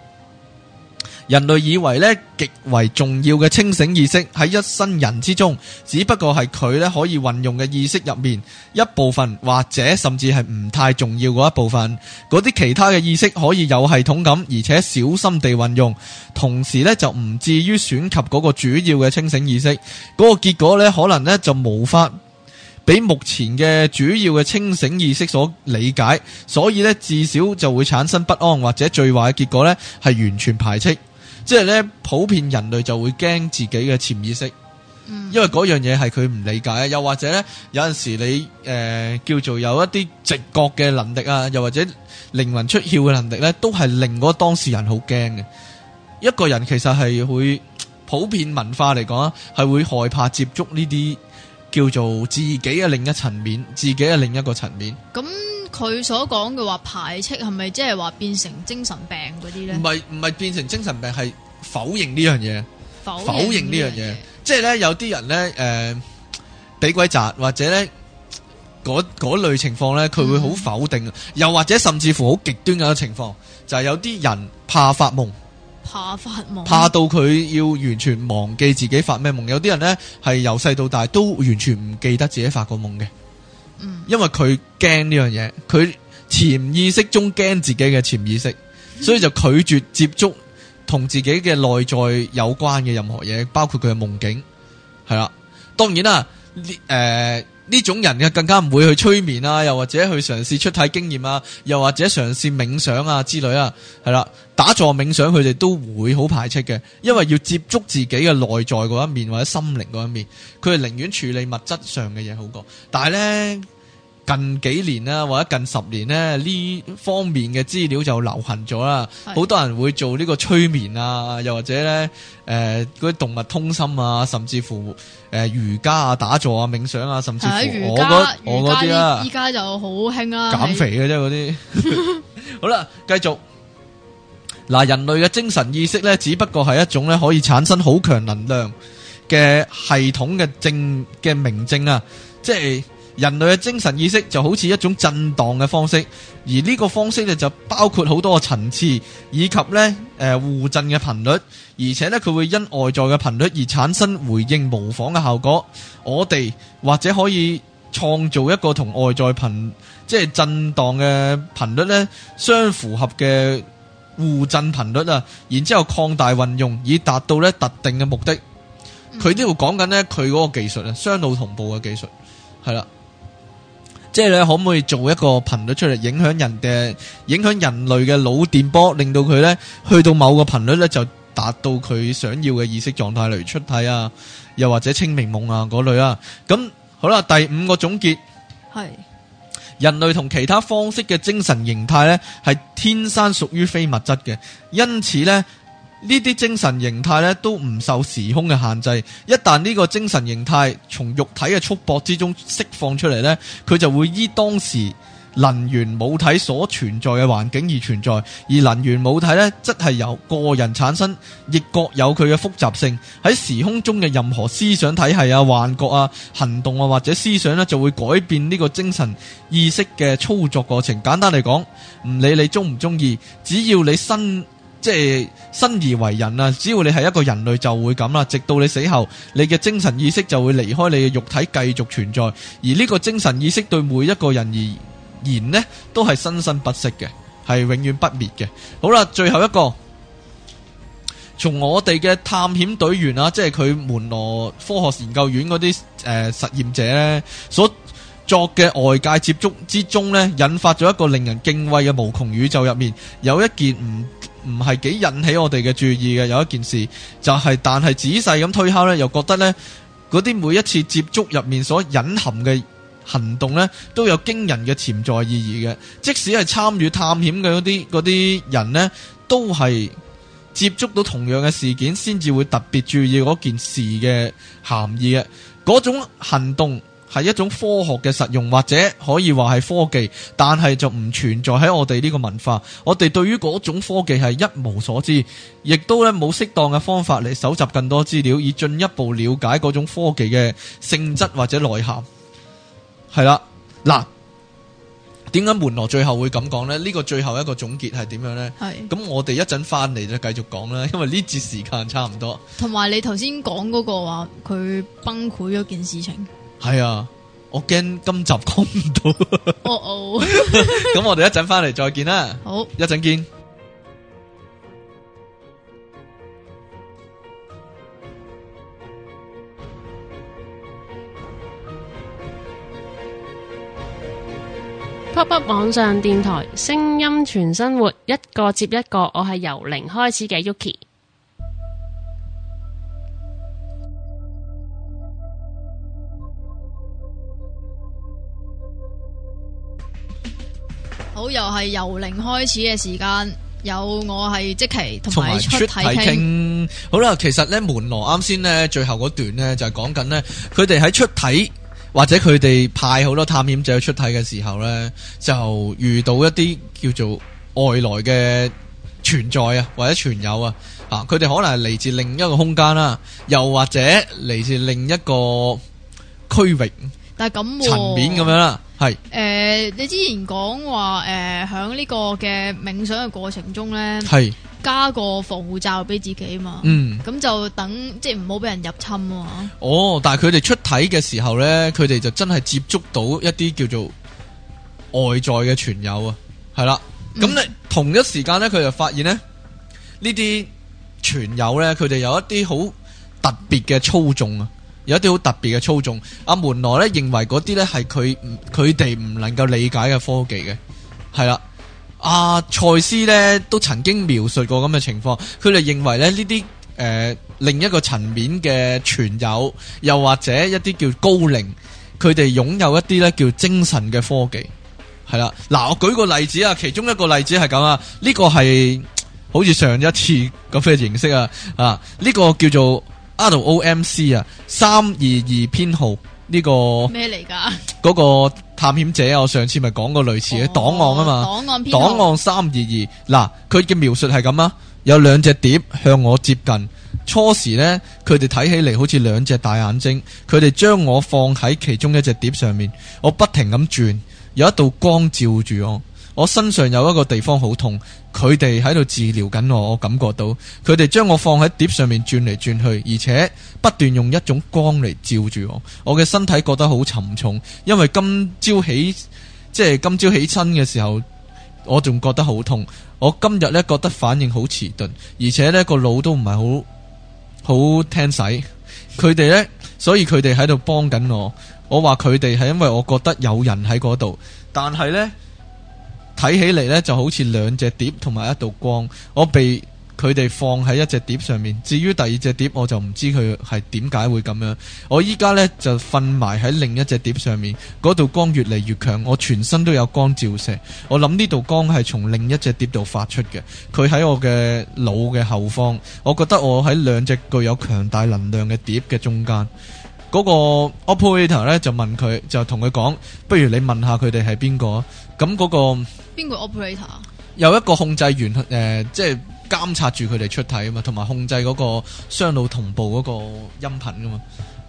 人類以為咧極為重要嘅清醒意識喺一生人之中，只不過係佢咧可以運用嘅意識入面一部分，或者甚至係唔太重要嗰一部分。嗰啲其他嘅意識可以有系統咁，而且小心地運用，同時咧就唔至於損及嗰個主要嘅清醒意識。嗰個結果咧可能咧就無法俾目前嘅主要嘅清醒意識所理解，所以咧至少就會產生不安，或者最壞嘅結果咧係完全排斥。即係咧，普遍人類就會驚自己嘅潛意識，因為樣嘢係佢唔理解，啊，又或者咧有陣時你誒、呃、叫做有一啲直覺嘅能力啊，又或者靈魂出竅嘅能力咧，都係令個當事人好驚嘅。一個人其實係會普遍文化嚟講啊，係會害怕接觸呢啲叫做自己嘅另一層面，自己嘅另一個層面。咁。佢所講嘅話排斥係咪即係話變成精神病嗰啲呢？唔係唔係變成精神病，係否認呢樣嘢。否認呢樣嘢，即係呢：有啲人呢，誒、呃，俾鬼壓或者呢嗰嗰類情況呢，佢會好否定，嗯、又或者甚至乎好極端嘅情況，就係、是、有啲人怕發夢，怕發夢，怕到佢要完全忘記自己發咩夢。有啲人呢，係由細到大都完全唔記得自己發過夢嘅。因為佢驚呢樣嘢，佢潛意識中驚自己嘅潛意識，所以就拒絕接觸同自己嘅內在有關嘅任何嘢，包括佢嘅夢境，係啦。當然啦，呢誒呢種人嘅更加唔會去催眠啦，又或者去嘗試出體經驗啊，又或者嘗試冥想啊之類啊，係啦，打坐冥想佢哋都會好排斥嘅，因為要接觸自己嘅內在嗰一面或者心靈嗰一面，佢哋寧願處理物質上嘅嘢好過，但係呢。近幾年啊，或者近十年呢，呢方面嘅資料就流行咗啦。好是多人會做呢個催眠啊，又或者呢，誒、呃，嗰啲動物通心啊，甚至乎誒、呃、瑜伽啊、打坐啊、冥想啊，甚至乎我嗰我嗰那啲，依家就好興啊。減肥嘅啫，嗰啲的 [laughs] [laughs] 好啦，繼續嗱，人類嘅精神意識呢，只不過係一種呢，可以產生好強能量嘅系統嘅正嘅明證啊，即係。人類嘅精神意識就好似一種震盪嘅方式，而呢個方式咧就包括好多個層次，以及呢誒、呃、互震嘅頻率，而且呢，佢會因外在嘅頻率而產生回應、模仿嘅效果。我哋或者可以創造一個同外在頻即係震盪嘅頻率呢相符合嘅互震頻率啊，然之後擴大運用，以達到呢特定嘅目的。佢呢度講緊呢，佢嗰個技術啊，雙腦同步嘅技術係啦。即係你可唔可以做一個頻率出嚟影響人嘅，影響人類嘅腦電波，令到佢呢去到某個頻率呢，就達到佢想要嘅意識狀態，例如出體啊，又或者清明夢啊嗰類啊。咁好啦，第五個總結係是人類同其他方式嘅精神形態呢，係天生屬於非物質嘅，因此呢。呢啲精神形態咧都唔受時空嘅限制，一旦呢個精神形態從肉體嘅束縛之中釋放出嚟呢，佢就會依當時能源母體所存在嘅環境而存在，而能源母體呢，則係由個人產生，亦各有佢嘅複雜性。喺時空中嘅任何思想體系啊、幻覺啊、行動啊或者思想呢，就會改變呢個精神意識嘅操作過程。簡單嚟講，唔理你中唔中意，只要你身。即係生而為人啊！只要你係一個人類，就會咁啦啊。直到你死後，你嘅精神意識就會離開你嘅肉體，繼續存在。而呢個精神意識對每一個人而言呢，都係生生不息嘅，係永遠不滅嘅。好啦，最後一個，從我哋嘅探險隊員啊，即係佢門羅科學研究院嗰啲誒實驗者呢，所作嘅外界接觸之中呢，引發咗一個令人敬畏嘅無窮宇宙入面，有一件唔。唔係幾引起我哋嘅注意嘅，有一件事就係、是，但係仔細咁推敲呢，又覺得呢嗰啲每一次接觸入面所隱含嘅行動呢，都有驚人嘅潛在意義嘅。即使係參與探險嘅嗰啲啲人呢，都係接觸到同樣嘅事件，先至會特別注意嗰件事嘅含義嘅嗰種行動。係一種科學嘅實用，或者可以話係科技，但係就唔存在喺我哋呢個文化。我哋對於嗰種科技係一無所知，亦都咧冇適當嘅方法嚟搜集更多資料，以進一步了解嗰種科技嘅性質或者內涵。係啦，嗱，點解門羅最後會咁講呢？呢、呢個最後一個總結係點樣呢？係的。咁我哋一陣翻嚟就繼續講啦，因為呢節時間差唔多。同埋你頭先講嗰個話，佢崩潰咗件事情。係啊，我驚今集講唔到。哦、oh. 咁 [laughs] [laughs] 我哋一陣翻嚟再見啦。好，一陣見。Pop Up 網上電台，聲音全生活，一個接一個。我係由零開始嘅 Yuki。好，又係由零開始嘅時間，有我係即期同埋出體傾。好啦，其實咧門羅啱先咧，最後嗰段咧就係講緊咧，佢哋喺出體或者佢哋派好多探險者出體嘅時候咧，就遇到一啲叫做外來嘅存在啊，或者存有啊，啊，佢哋可能係嚟自另一個空間啦，又或者嚟自另一個區域，但係咁層面咁樣啦。係誒是、呃，你之前講話誒，響、呃、呢個嘅冥想嘅過程中咧，係是加個防護罩俾自己啊嘛，咁、嗯、就等即係唔好俾人入侵咯。哦，但係佢哋出體嘅時候咧，佢哋就真係接觸到一啲叫做外在嘅存有啊，係啦，咁你、嗯、同一時間咧，佢就發現咧呢啲存有咧，佢哋有一啲好特別嘅操縱啊。有一啲好特別嘅操縱，阿、啊、門諾門羅咧認為嗰啲咧係佢佢哋唔能夠理解嘅科技嘅，係啦。阿、啊、賽斯呢都曾經描述過咁嘅情況，佢哋認為咧呢啲誒、呃、另一個層面嘅存有，又或者一啲叫高靈，佢哋擁有一啲咧叫精神嘅科技，係啦。嗱、啊，我舉個例子啊，其中一個例子係咁啊，呢、這個係好似上一次咁嘅形式啊啊，呢、這個叫做。阿道 O M C 啊，三二二編號呢個咩嚟？噶嗰個探險者啊，我上次咪講過類似嘅檔、哦、案啊嘛，檔案編號檔案三二二。嗱，佢嘅描述係咁啊，有兩隻碟向我接近，初時呢，佢哋睇起嚟好似兩隻大眼睛，佢哋將我放喺其中一隻碟上面，我不停咁轉，有一道光照住我。我身上有一個地方好痛，佢哋喺度治療緊我，我感覺到佢哋將我放喺碟上面轉嚟轉去，而且不斷用一種光嚟照住我。我嘅身體覺得好沉重，因為今朝起即係今朝起身嘅時候，我仲覺得好痛。我今日呢覺得反應好遲鈍，而且呢個腦都唔係好好聽使。佢哋呢，所以佢哋喺度幫緊我。我話佢哋係因為我覺得有人喺嗰度，但係呢。睇起嚟呢就好似兩隻碟同埋一道光，我被佢哋放喺一隻碟上面。至於第二隻碟，我就唔知佢係點解會咁樣。我依家呢就瞓埋喺另一隻碟上面，嗰道光越嚟越強，我全身都有光照射。我諗呢道光係從另一隻碟度發出嘅。佢喺我嘅腦嘅後方，我覺得我喺兩隻具有強大能量嘅碟嘅中間。嗰個 operator 呢就問佢，就同佢講：不如你問下佢哋係邊個？咁嗰個。邊個 operator？有一個控制員誒、呃，即係監察住佢哋出體啊嘛，同埋控制嗰個雙腦同步嗰個音頻噶嘛。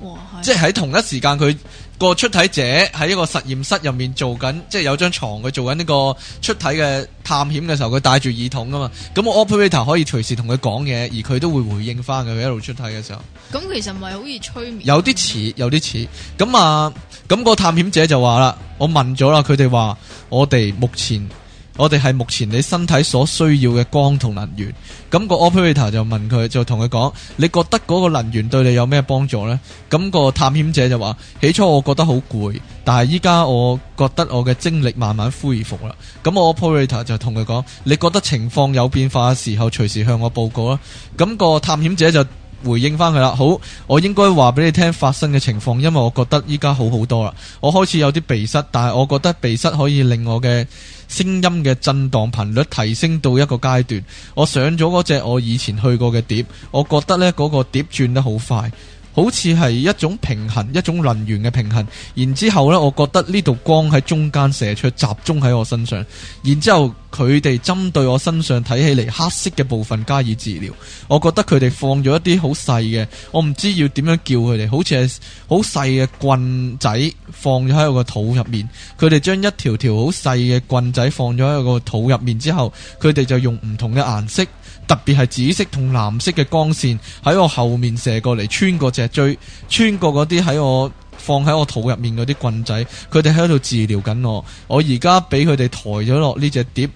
啊、即係喺同一時間，佢個，個出體者喺一個實驗室入面做緊，即係有張床佢做緊呢個出體嘅探險嘅時候，佢戴住耳筒噶嘛。咁、那、我、個、operator 可以隨時同佢講嘢，而佢都會回應翻佢一路出體嘅時候，咁其實唔係好似催眠有。有啲似，有啲似。咁啊。咁個探險者就話啦，我問咗啦，佢哋話我哋目前我哋係目前你身體所需要嘅光同能源。咁個 operator 就問佢，就同佢講，你覺得嗰個能源對你有咩幫助呢？咁個探險者就話，起初我覺得好攰，但係依家我覺得我嘅精力慢慢恢復啦。咁我 operator 就同佢講，你覺得情況有變化嘅時候，隨時向我報告啦。咁個探險者就。回應返佢啦，好，我應該話俾你聽發生嘅情況，因為我覺得依家好好多啦。我開始有啲鼻塞，但係我覺得鼻塞可以令我嘅聲音嘅震盪頻率提升到一個階段。我上咗嗰隻我以前去過嘅碟，我覺得呢，嗰個碟轉得好快。好似係一種平衡，一種能源嘅平衡。然之後呢，我覺得呢道光喺中間射出，集中喺我身上。然之後佢哋針對我身上睇起嚟黑色嘅部分加以治療。我覺得佢哋放咗一啲好細嘅，我唔知要點樣叫佢哋。好似係好細嘅棍仔放咗喺我個肚入面。佢哋將一條條好細嘅棍仔放咗喺個肚入面之後，佢哋就用唔同嘅顏色。特別係紫色同藍色嘅光線喺我後面射過嚟，穿過脊椎，穿過嗰啲喺我放喺我肚入面嗰啲棍仔，佢哋喺度治療緊我。我而家俾佢哋抬咗落呢隻碟。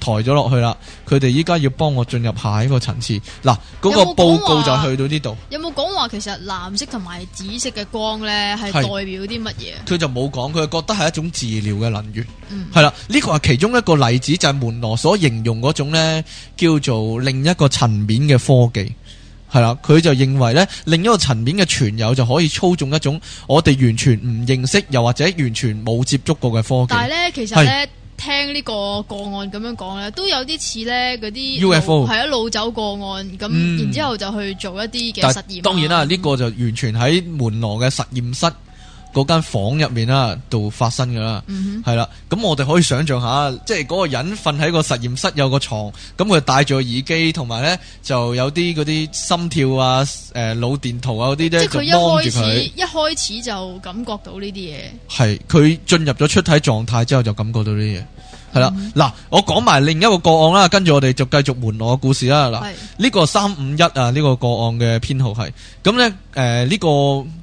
抬咗落去啦，佢哋依家要幫我進入下一個層次。嗱，嗰個報告就去到呢度。有冇講話其實藍色同埋紫色嘅光呢係代表啲乜嘢？佢就冇講，佢覺得係一種治療嘅能源。嗯，係啦，呢個係其中一個例子，就係門羅所形容嗰種呢叫做另一個層面嘅科技。係啦，佢就認為呢，另一個層面嘅存有就可以操縱一種我哋完全唔認識又或者完全冇接觸過嘅科技。但係呢，其實呢。聽呢個個案咁樣講咧，都有啲似咧嗰啲 UFO 係一路走個案，咁、嗯、然之後就去做一啲嘅實驗。當然啦，呢、這個就完全喺門羅嘅實驗室。嗰間房入面啦、啊，度發生噶啦，係啦、嗯哼，咁我哋可以想象下，即係嗰個人瞓喺個實驗室有個床，咁佢帶住個耳機，同埋咧就有啲嗰啲心跳啊，誒、呃、腦電圖啊嗰啲咧，即係幫住佢。一開始一開始就感覺到呢啲嘢，係佢進入咗出體狀態之後就感覺到呢啲嘢。係啦，嗱、嗯哼，我講埋另一個個案啦，跟住我哋就繼續門羅嘅故事啦。嗱的，呢、這個三五一啊，呢、這個個案嘅編號係，咁、嗯、咧，誒、呃、呢、呃這個。這個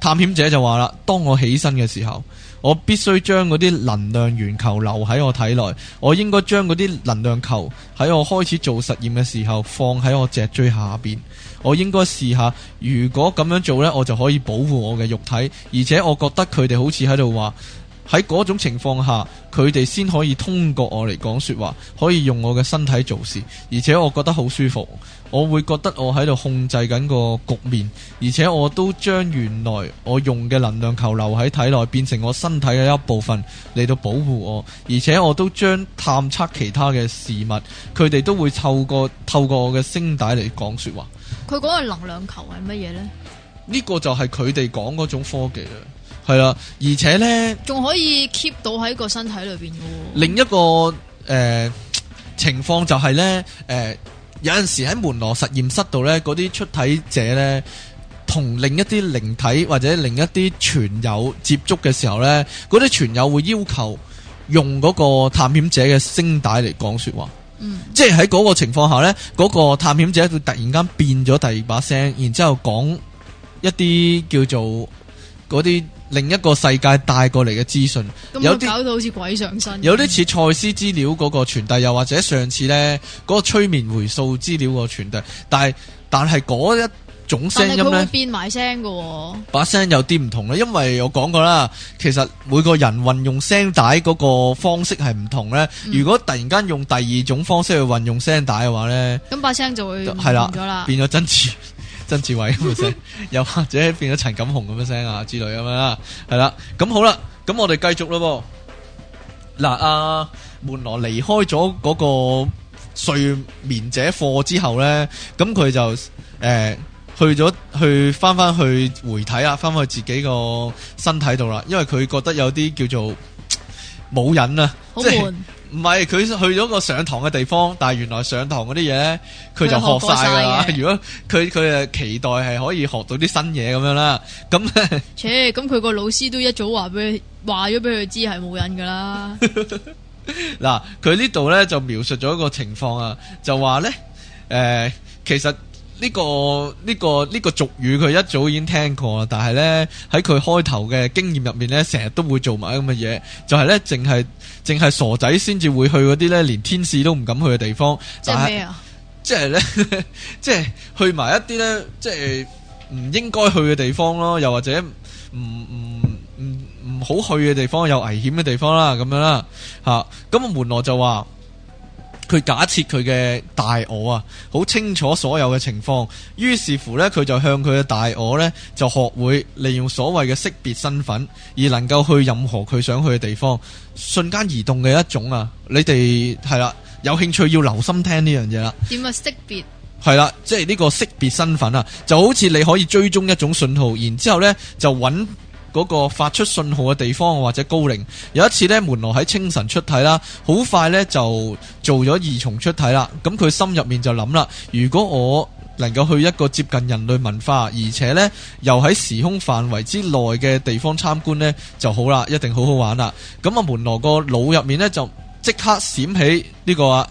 探險者就話啦：當我起身嘅時候，我必須將嗰啲能量圓球留喺我體內。我應該將嗰啲能量球喺我開始做實驗嘅時候放喺我脊椎下邊。我應該試下，如果咁樣做呢，我就可以保護我嘅肉體。而且我覺得佢哋好似喺度話，喺嗰種情況下，佢哋先可以通過我嚟講說話，可以用我嘅身體做事。而且我覺得好舒服。我會覺得我喺度控制緊個局面，而且我都將原來我用嘅能量球留喺體內，變成我身體嘅一部分嚟到保護我，而且我都將探測其他嘅事物，佢哋都會透過透過我嘅聲帶嚟講說話。佢講嘅能量球係乜嘢呢？呢個就係佢哋講嗰種科技啦，係啦，而且呢，仲可以 keep 到喺個身體裏邊嘅。另一個誒、呃、情況就係、是、呢。誒、呃。有陣時喺門羅實驗室度呢，嗰啲出體者呢，同另一啲靈體或者另一啲存有接觸嘅時候呢，嗰啲存有會要求用嗰個探險者嘅聲帶嚟講說話。嗯，即係喺嗰個情況下呢，嗰、嗰個探險者會突然間變咗第二把聲，然之後講一啲叫做嗰啲。另一個世界帶過嚟嘅資訊，有啲搞到好似鬼上身，有啲似賽斯資料嗰個傳遞，又或者上次呢嗰個催眠回溯資料個傳遞，但係但係嗰一種聲音咧，佢會變埋聲嘅，把聲有啲唔同咧，因為我講過啦，其實每個人運用聲帶嗰個方式係唔同呢。嗯、如果突然間用第二種方式去運用聲帶嘅話呢，咁把聲就會係啦，變咗真似。曾志偉咁嘅聲，又或者變咗陳錦鴻咁嘅聲啊之類咁樣啦，係啦，咁好啦，咁我哋繼續咯噃。嗱、啊，阿門羅離開咗嗰個睡眠者課之後呢，咁佢就誒、欸、去咗去翻翻去回體啊，翻翻去自己個身體度啦，因為佢覺得有啲叫做冇癮啊，悶即係。唔係佢去咗個上堂嘅地方，但係原來上堂嗰啲嘢，佢就學晒噶啦。如果佢佢誒期待係可以學到啲新嘢咁樣啦，咁咧，咁佢 [laughs] 個老師都一早話俾佢話咗俾佢知係冇癮噶啦。嗱， [laughs] 佢呢度呢就描述咗一個情況啊，就話呢，誒、呃，其實呢、這個呢、這個呢、這個這個俗語佢一早已經聽過，但係呢，喺佢開頭嘅經驗入面呢，成日都會做埋啲咁嘅嘢，就係、是、呢，淨係。淨係傻仔先至會去嗰啲咧，連天使都唔敢去嘅地方，就係即係咧，即 [laughs] 係去埋一啲咧，即係唔應該去嘅地方咯，又或者唔唔唔唔好去嘅地方，有危險嘅地方啦，咁樣啦吓，咁啊門羅就話。佢假設佢嘅大我啊，好清楚所有嘅情況，於是乎呢，佢就向佢嘅大我呢，就學會利用所謂嘅識別身份，而能夠去任何佢想去嘅地方，瞬間移動嘅一種啊！你哋係啦，有興趣要留心聽呢樣嘢啦。點啊識別？係啦，即係呢個識別身份啊，就好似你可以追蹤一種信號，然之後呢就揾。嗰個發出信號嘅地方或者高齡，有一次呢門羅喺清晨出體啦，好快呢就做咗二重出體啦。咁佢心入面就諗啦，如果我能夠去一個接近人類文化，而且呢又喺時空範圍之內嘅地方參觀呢，就好啦，一定好好玩啦。咁啊，門羅個腦入面呢，就即刻閃起呢個啊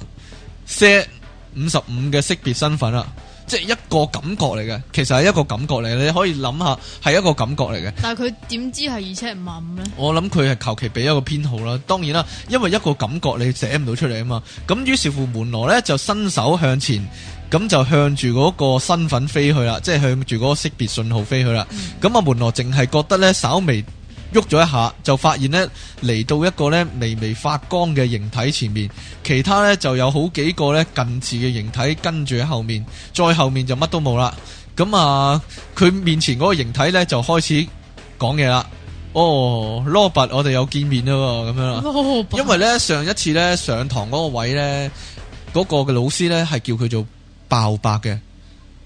，C 五十五嘅識別身份啦。即係一個感覺嚟嘅，其實係一個感覺嚟嘅。你可以諗下係一個感覺嚟嘅。但係佢點知係二千五萬五咧？我諗佢係求其俾一個編號啦。當然啦，因為一個感覺你寫唔到出嚟啊嘛。咁於是乎，門羅呢就伸手向前，咁就向住嗰個身份飛去啦，即係向住嗰個識別信號飛去啦。咁啊、嗯，門羅淨係覺得呢，稍微。喐咗一下，就發現呢，嚟到一個呢微微發光嘅形體前面，其他呢，就有好幾個呢近似嘅形體跟住喺後面，再後面就乜都冇啦。咁啊，佢面前嗰個形體呢，就開始講嘢啦。哦，羅拔，我哋又見面啦，咁樣，因為呢，上一次呢，上堂嗰個位呢，嗰個嘅老師呢，係叫佢做爆白嘅，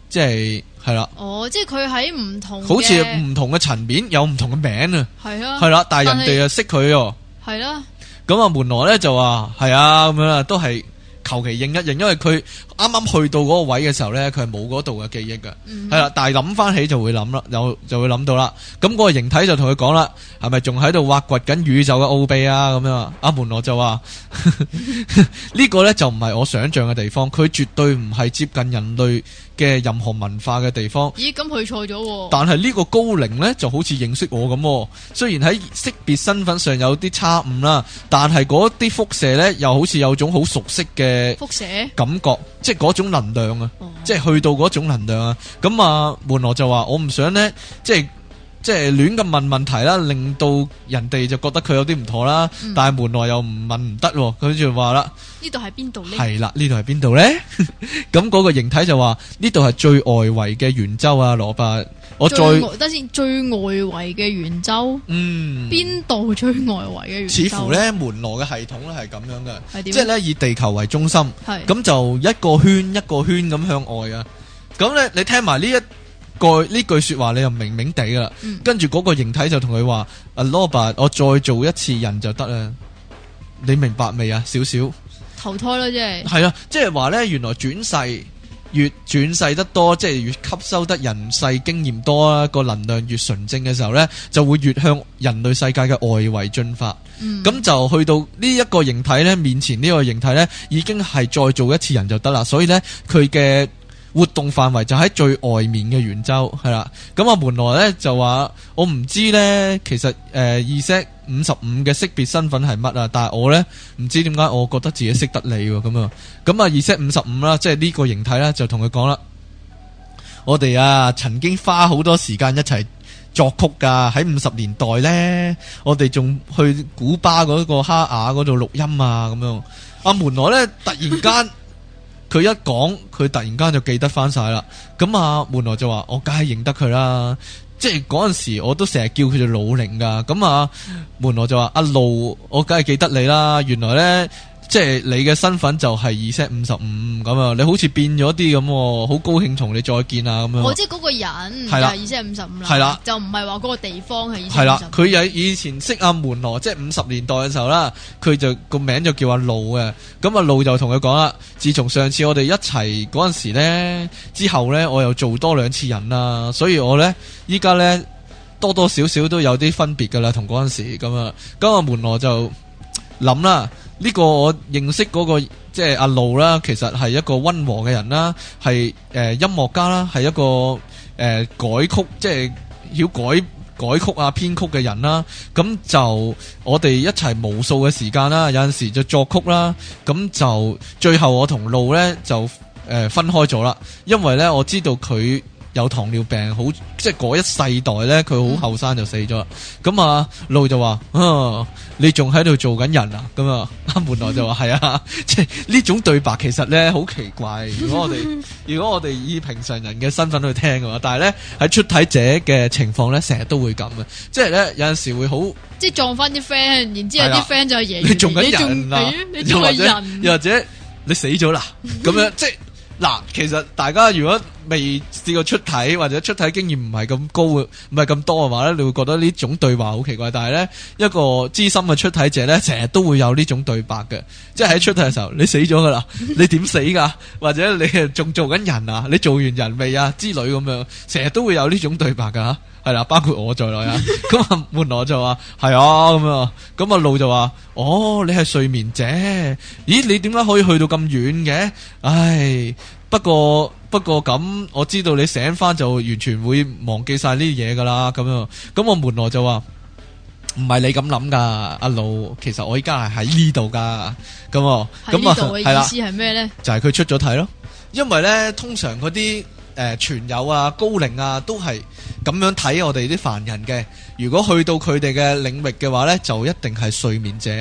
即係。係啦，哦，即係佢喺唔同，好似唔同嘅層面有唔同嘅名啊，係啊的，係啦，但係人哋又識佢，係啦，咁啊門羅咧就話係啊咁樣啊，都係求其認一認，因為佢。啱啱去到嗰個位嘅時候呢，佢係冇嗰度嘅記憶嘅，係啦、mm。Hmm. 但係諗翻起就會諗啦，又就會諗到啦。咁嗰個形體就同佢講啦，係咪仲喺度挖掘緊宇宙嘅奧秘啊？咁樣啊？阿門羅就話呢 [laughs] [laughs] 個呢就唔係我想象嘅地方，佢絕對唔係接近人類嘅任何文化嘅地方。咦？咁去錯咗。但係呢個高靈呢就好似認識我咁，雖然喺識別身份上有啲差誤啦，但係嗰啲輻射呢又好似有種好熟悉嘅輻射感覺。即係嗰種能量啊，即係去到嗰種能量啊，咁啊門羅就話我唔想咧，即係即係亂咁問問題啦，令到人哋就覺得佢有啲唔妥啦，但係門羅又唔問唔得，跟住話啦，呢度係邊度咧？係啦，呢度係邊度咧？咁嗰個形體就話呢度係最外圍嘅圓周啊，羅伯。我再等先，最外圍嘅圓周，嗯，邊度最外圍嘅圓周？似乎咧，門羅嘅系統咧係咁樣嘅，即係咧，以地球為中心，係咁就一個圈一個圈咁向外啊！咁咧，你聽埋呢一個呢句說話，你又明明地啦。跟住嗰個形體就同佢話：阿羅伯，我再做一次人就得啦。你明白未啊？少少，投胎咯，即係，係啊，即係話咧，原來轉世。越轉世得多，即係越吸收得人世經驗多啦，個能量越純淨嘅時候呢，就會越向人類世界嘅外圍進發。咁、嗯、就去到呢一個形體呢，面前呢個形體呢，已經係再做一次人就得啦。所以呢，佢嘅活動範圍就喺最外面嘅圓周係啦。咁啊，門羅呢，就話，我唔知呢，其實誒意識。呃 Z 五十五嘅識別身份係乜啊？但係我呢，唔知點解，我覺得自己識得你喎。咁啊！咁啊，二 s 五十五啦，即係呢個形態啦，就同佢講啦。我哋啊曾經花好多時間一齊作曲㗎，喺五十年代呢，我哋仲去古巴嗰個哈瓦那嗰度錄音啊咁樣。阿、啊、門羅呢，突然間佢 [laughs] 一講，佢突然間就記得翻晒啦。咁啊，門羅就話：我梗係認得佢啦。即係嗰陣時，我都成日叫佢做老寧噶，咁啊，門羅 [laughs] 就話，阿路，我梗係記得你啦，原來咧。即係你嘅身份就係二 s 五十五咁啊！你好似變咗啲咁喎，好高興同你再見啊咁樣。我即係嗰個人，係啦，二五十五啦，啦就唔係話嗰個地方係。係啦，佢喺以前識阿門羅，即係五十年代嘅時候啦，佢就個名就叫阿路嘅。咁阿路就同佢講啦，自從上次我哋一齊嗰陣時咧之後呢，我又做多兩次人啦，所以我呢，依家呢，多多少少都有啲分別㗎啦，同嗰陣時咁啊。咁阿門羅就諗啦。呢個我認識嗰、那個即係阿路啦，其實係一個溫和嘅人啦，係誒、呃、音樂家啦，係一個誒、呃、改曲即係要改改曲啊編曲嘅人啦。咁就我哋一齊無數嘅時間啦，有陣時就作曲啦。咁就最後我同路呢就誒、呃、分開咗啦，因為呢我知道佢。有糖尿病，好即係嗰一世代咧，佢好後生就死咗。咁啊、嗯，路就話、哦：，你仲喺度做緊人啊？咁啊，阿門羅就話：係、嗯、啊，即係呢種對白其實咧好奇怪。如果我哋如果我哋以平常人嘅身份去聽嘅話，但係咧喺出體者嘅情況咧，成日都會咁嘅，即係咧有陣時會好，即係撞翻啲 friend，然之後啲 friend 的就係贏，你做緊人啊，你做緊人，啊人又，又或者你死咗啦，咁樣即係。 [laughs] [laughs] 嗱，其實大家如果未試過出體或者出體經驗唔係咁高嘅，唔係咁多嘅話咧，你會覺得呢種對話好奇怪。但係呢，一個資深嘅出體者呢，成日都會有呢種對白嘅，即係喺出體嘅時候，你死咗噶啦，你點死噶？或者你仲做緊人啊？你做完人未啊？之類咁樣，成日都會有呢種對白嘅。係啦， [music] 包括我在內 [laughs] 啊！咁啊，門羅就話：係啊，咁啊，咁啊，路就話：哦，你係睡眠者，咦，你點解可以去到咁遠嘅？唉、哎，不過不過咁，我知道你醒翻就完全會忘記晒呢啲嘢噶啦，咁樣。咁、啊、我、啊、門羅就話：唔係你咁諗噶，阿、啊、路，其實我依家係喺呢度噶，咁啊，咁啊，係啦，意思係咩咧？就係佢出咗體咯，因為咧，通常嗰啲。誒，全友、呃、啊，高齡啊，都係咁樣睇我哋啲凡人嘅。如果去到佢哋嘅領域嘅話呢，就一定係睡眠者，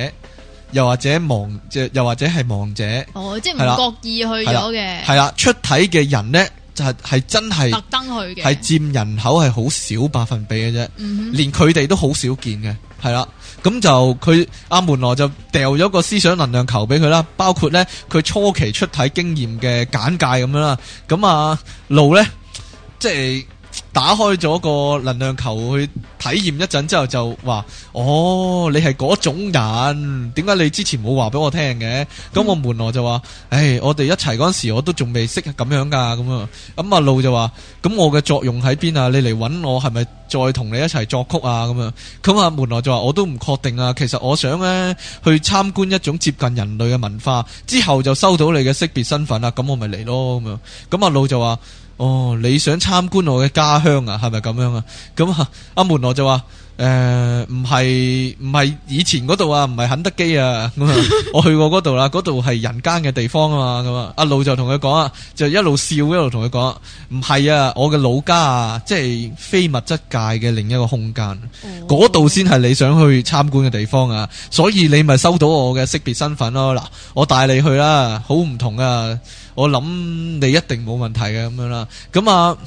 又或者亡，即又或者係亡者。哦，即係唔啦覺意去咗嘅。係啦，啦，出體嘅人呢，就係、是、係真係特登去嘅，係占人口係好少百分比嘅啫。嗯、哼連佢哋都好少見嘅，係啦。咁就佢阿、啊、門羅就掉咗個思想能量球俾佢啦，包括咧佢初期出體經驗嘅簡介咁樣啦。咁啊路咧，即係。打開咗個能量球去體驗一陣之後就話：哦，你係嗰種人，點解你之前冇話俾我聽嘅？咁、嗯、我門羅就話：唉、哎，我哋一齊嗰陣時我都仲未識咁樣噶，咁啊，咁、嗯、阿路就話：咁我嘅作用喺邊啊？你嚟揾我係咪再同你一齊作曲啊？咁啊，咁阿門羅就話：我都唔確定啊，其實我想呢去參觀一種接近人類嘅文化，之後就收到你嘅識別身份啦，咁我咪嚟咯，咁樣，咁阿路就話。哦，你想參觀我嘅家鄉啊？係咪咁樣啊？咁啊，阿門羅就話：誒、呃，唔係唔係以前嗰度啊，唔係肯德基啊。 [laughs] 我去過嗰度啦，嗰度係人間嘅地方啊嘛。咁啊，阿路就同佢講啊，就一路笑一路同佢講：唔係啊，我嘅老家啊，即、就、係、是、非物質界嘅另一個空間，嗰度先係你想去參觀嘅地方啊。所以你咪收到我嘅識別身份咯、啊。嗱，我帶你去啦，好唔同啊！我諗你一定冇問題嘅咁樣啦，咁啊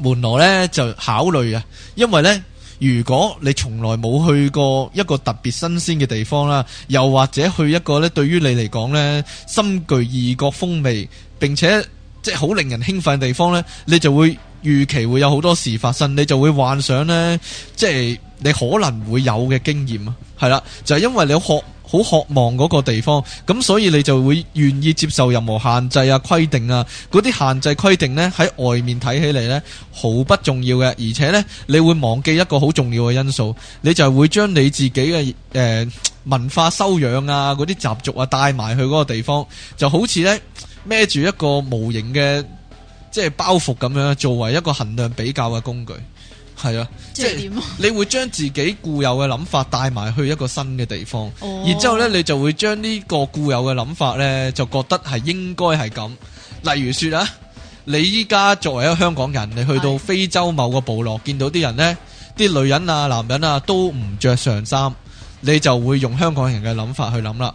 門羅呢就考慮啊，因為呢，如果你從來冇去過一個特別新鮮嘅地方啦，又或者去一個呢對於你嚟講呢深具異國風味，並且即係好令人興奮嘅地方呢，你就會預期會有好多事發生，你就會幻想呢即係你可能會有嘅經驗啊，係啦，就係因為你學。好渴望嗰個地方，咁所以你就會願意接受任何限制啊、規定啊，嗰啲限制規定咧喺外面睇起嚟咧，毫不重要嘅。而且咧，你會忘記一個好重要嘅因素，你就會將你自己嘅誒、呃、文化修養啊、嗰啲習俗啊帶埋去嗰個地方，就好似咧孭住一個無形嘅即係包袱咁樣，作為一個衡量比較嘅工具。係啊，即係你會將自己固有嘅諗法帶埋去一個新嘅地方，而之、oh. 後呢，你就會將呢個固有嘅諗法呢，就覺得係應該係咁。例如說啊，你依家作為一個香港人，你去到非洲某個部落 Yes. 見到啲人呢，啲女人啊、男人啊都唔着上衫，你就會用香港人嘅諗法去諗啦。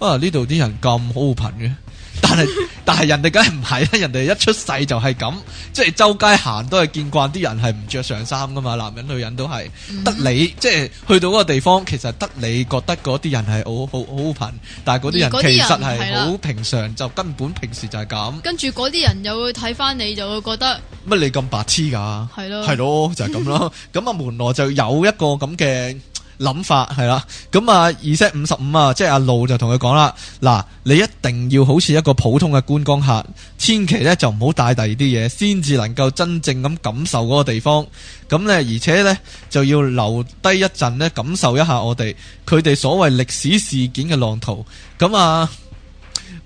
啊，呢度啲人咁好 open 嘅。 [laughs] 但係但係人哋梗係唔係啦，人哋一出世就係咁，即係周街行都係見慣啲人係唔着上衫噶嘛，男人女人都係， [laughs] 得你即係去到嗰個地方，其實得你覺得嗰啲人係好好好貧，open, 但係嗰啲人其實係好平常，就根本平時就係咁。跟住嗰啲人又會睇翻你，就會覺得乜你咁白痴噶？係咯的，係咯，就係咁咯。咁啊 [laughs] 門羅就有一個咁嘅。諗法係啦，咁啊二 set 五十五啊，即係阿路就同佢講啦。嗱，你一定要好似一個普通嘅觀光客，千祈咧就唔好帶第二啲嘢，先至能夠真正咁感受嗰個地方。咁咧，而且咧就要留低一陣咧，感受一下我哋佢哋所謂歷史事件嘅浪途。咁啊，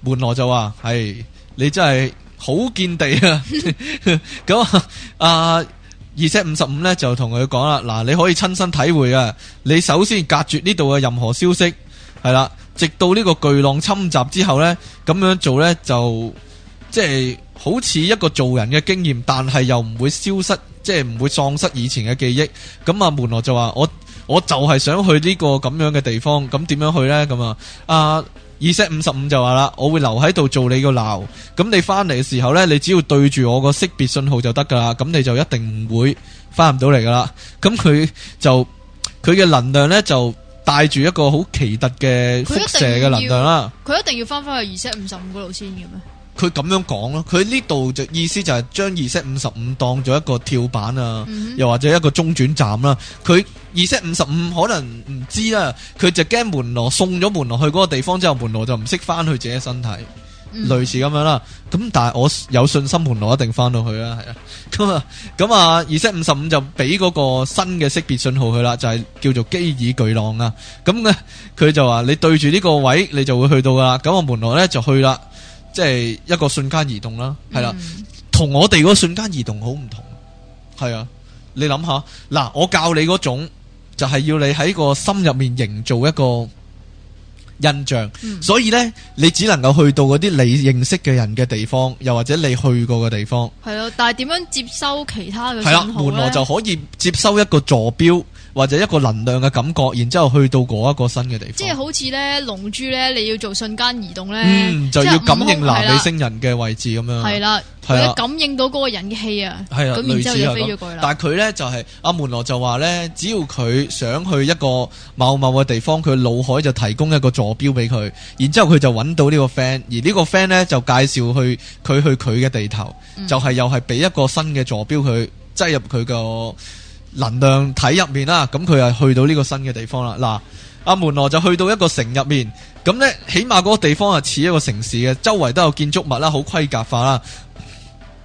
門羅就話：係、哎、你真係好見地啊！咁 [laughs] 啊。二七五十五咧就同佢講啦，嗱，你可以親身體會啊！你首先隔絕呢度嘅任何消息，係啦，直到呢個巨浪侵襲之後呢，咁樣做呢，就即係好似一個做人嘅經驗，但係又唔會消失，即係唔會喪失以前嘅記憶。咁啊，門羅就話我我就係想去呢個咁樣嘅地方，咁點樣去呢？咁啊，阿二 set 五十五就話啦，我會留喺度做你個鬧，咁你翻嚟嘅時候呢，你只要對住我個識別信號就得噶啦，咁你就一定唔會翻唔到嚟噶啦。咁佢就佢嘅能量呢，就帶住一個好奇特嘅輻射嘅能量啦。佢一定要翻翻去二 set 五十五嗰度先嘅咩？佢咁樣講咯，佢呢度就意思就係將二式五十五當咗一個跳板啊，嗯、又或者一個中轉站啦。佢二式五十五可能唔知啦，佢就驚門羅送咗門羅去嗰個地方之後，門羅就唔識翻去自己身體，嗯、類似咁樣啦。咁但係我有信心門羅一定翻到去啦，係啊。咁 [laughs] 啊，咁啊，二式五十五就俾嗰個新嘅識別信號去啦，就係、是、叫做基爾巨浪啊。咁咧佢就話你對住呢個位，你就會去到噶啦。咁個門羅呢，就去啦。即係一個瞬間移動啦，係啦，同我哋嗰個瞬間移動好唔同，係啊，你諗下，嗱，我教你嗰種，就係、是、要你喺個心入面營造一個印象，嗯、所以呢，你只能夠去到嗰啲你認識嘅人嘅地方，又或者你去過嘅地方，係咯，但係點樣接收其他嘅信號咧？原來就可以接收一個坐標。或者一個能量嘅感覺，然之後去到嗰一個新嘅地方。即係好似咧，龍珠咧，你要做瞬間移動咧，嗯，就要感應南美星人嘅位置咁樣。係啦的，佢的感應到嗰個人嘅氣啊，咁然之後就飛咗過嚟。但係佢咧就係阿門羅就話咧，只要佢想去一個某某嘅地方，佢腦海就提供一個坐標俾佢，然之後佢就揾到個 fan，個呢個 friend，而呢個 friend 咧就介紹他去佢去佢嘅地頭，嗯，就係又係俾一個新嘅坐標佢擠入佢個。能量體入面啦，咁佢係去到呢個新嘅地方啦。嗱，阿、啊、門羅就去到一個城入面，咁呢起碼嗰個地方係似一個城市嘅，周圍都有建築物啦，好規格化啦，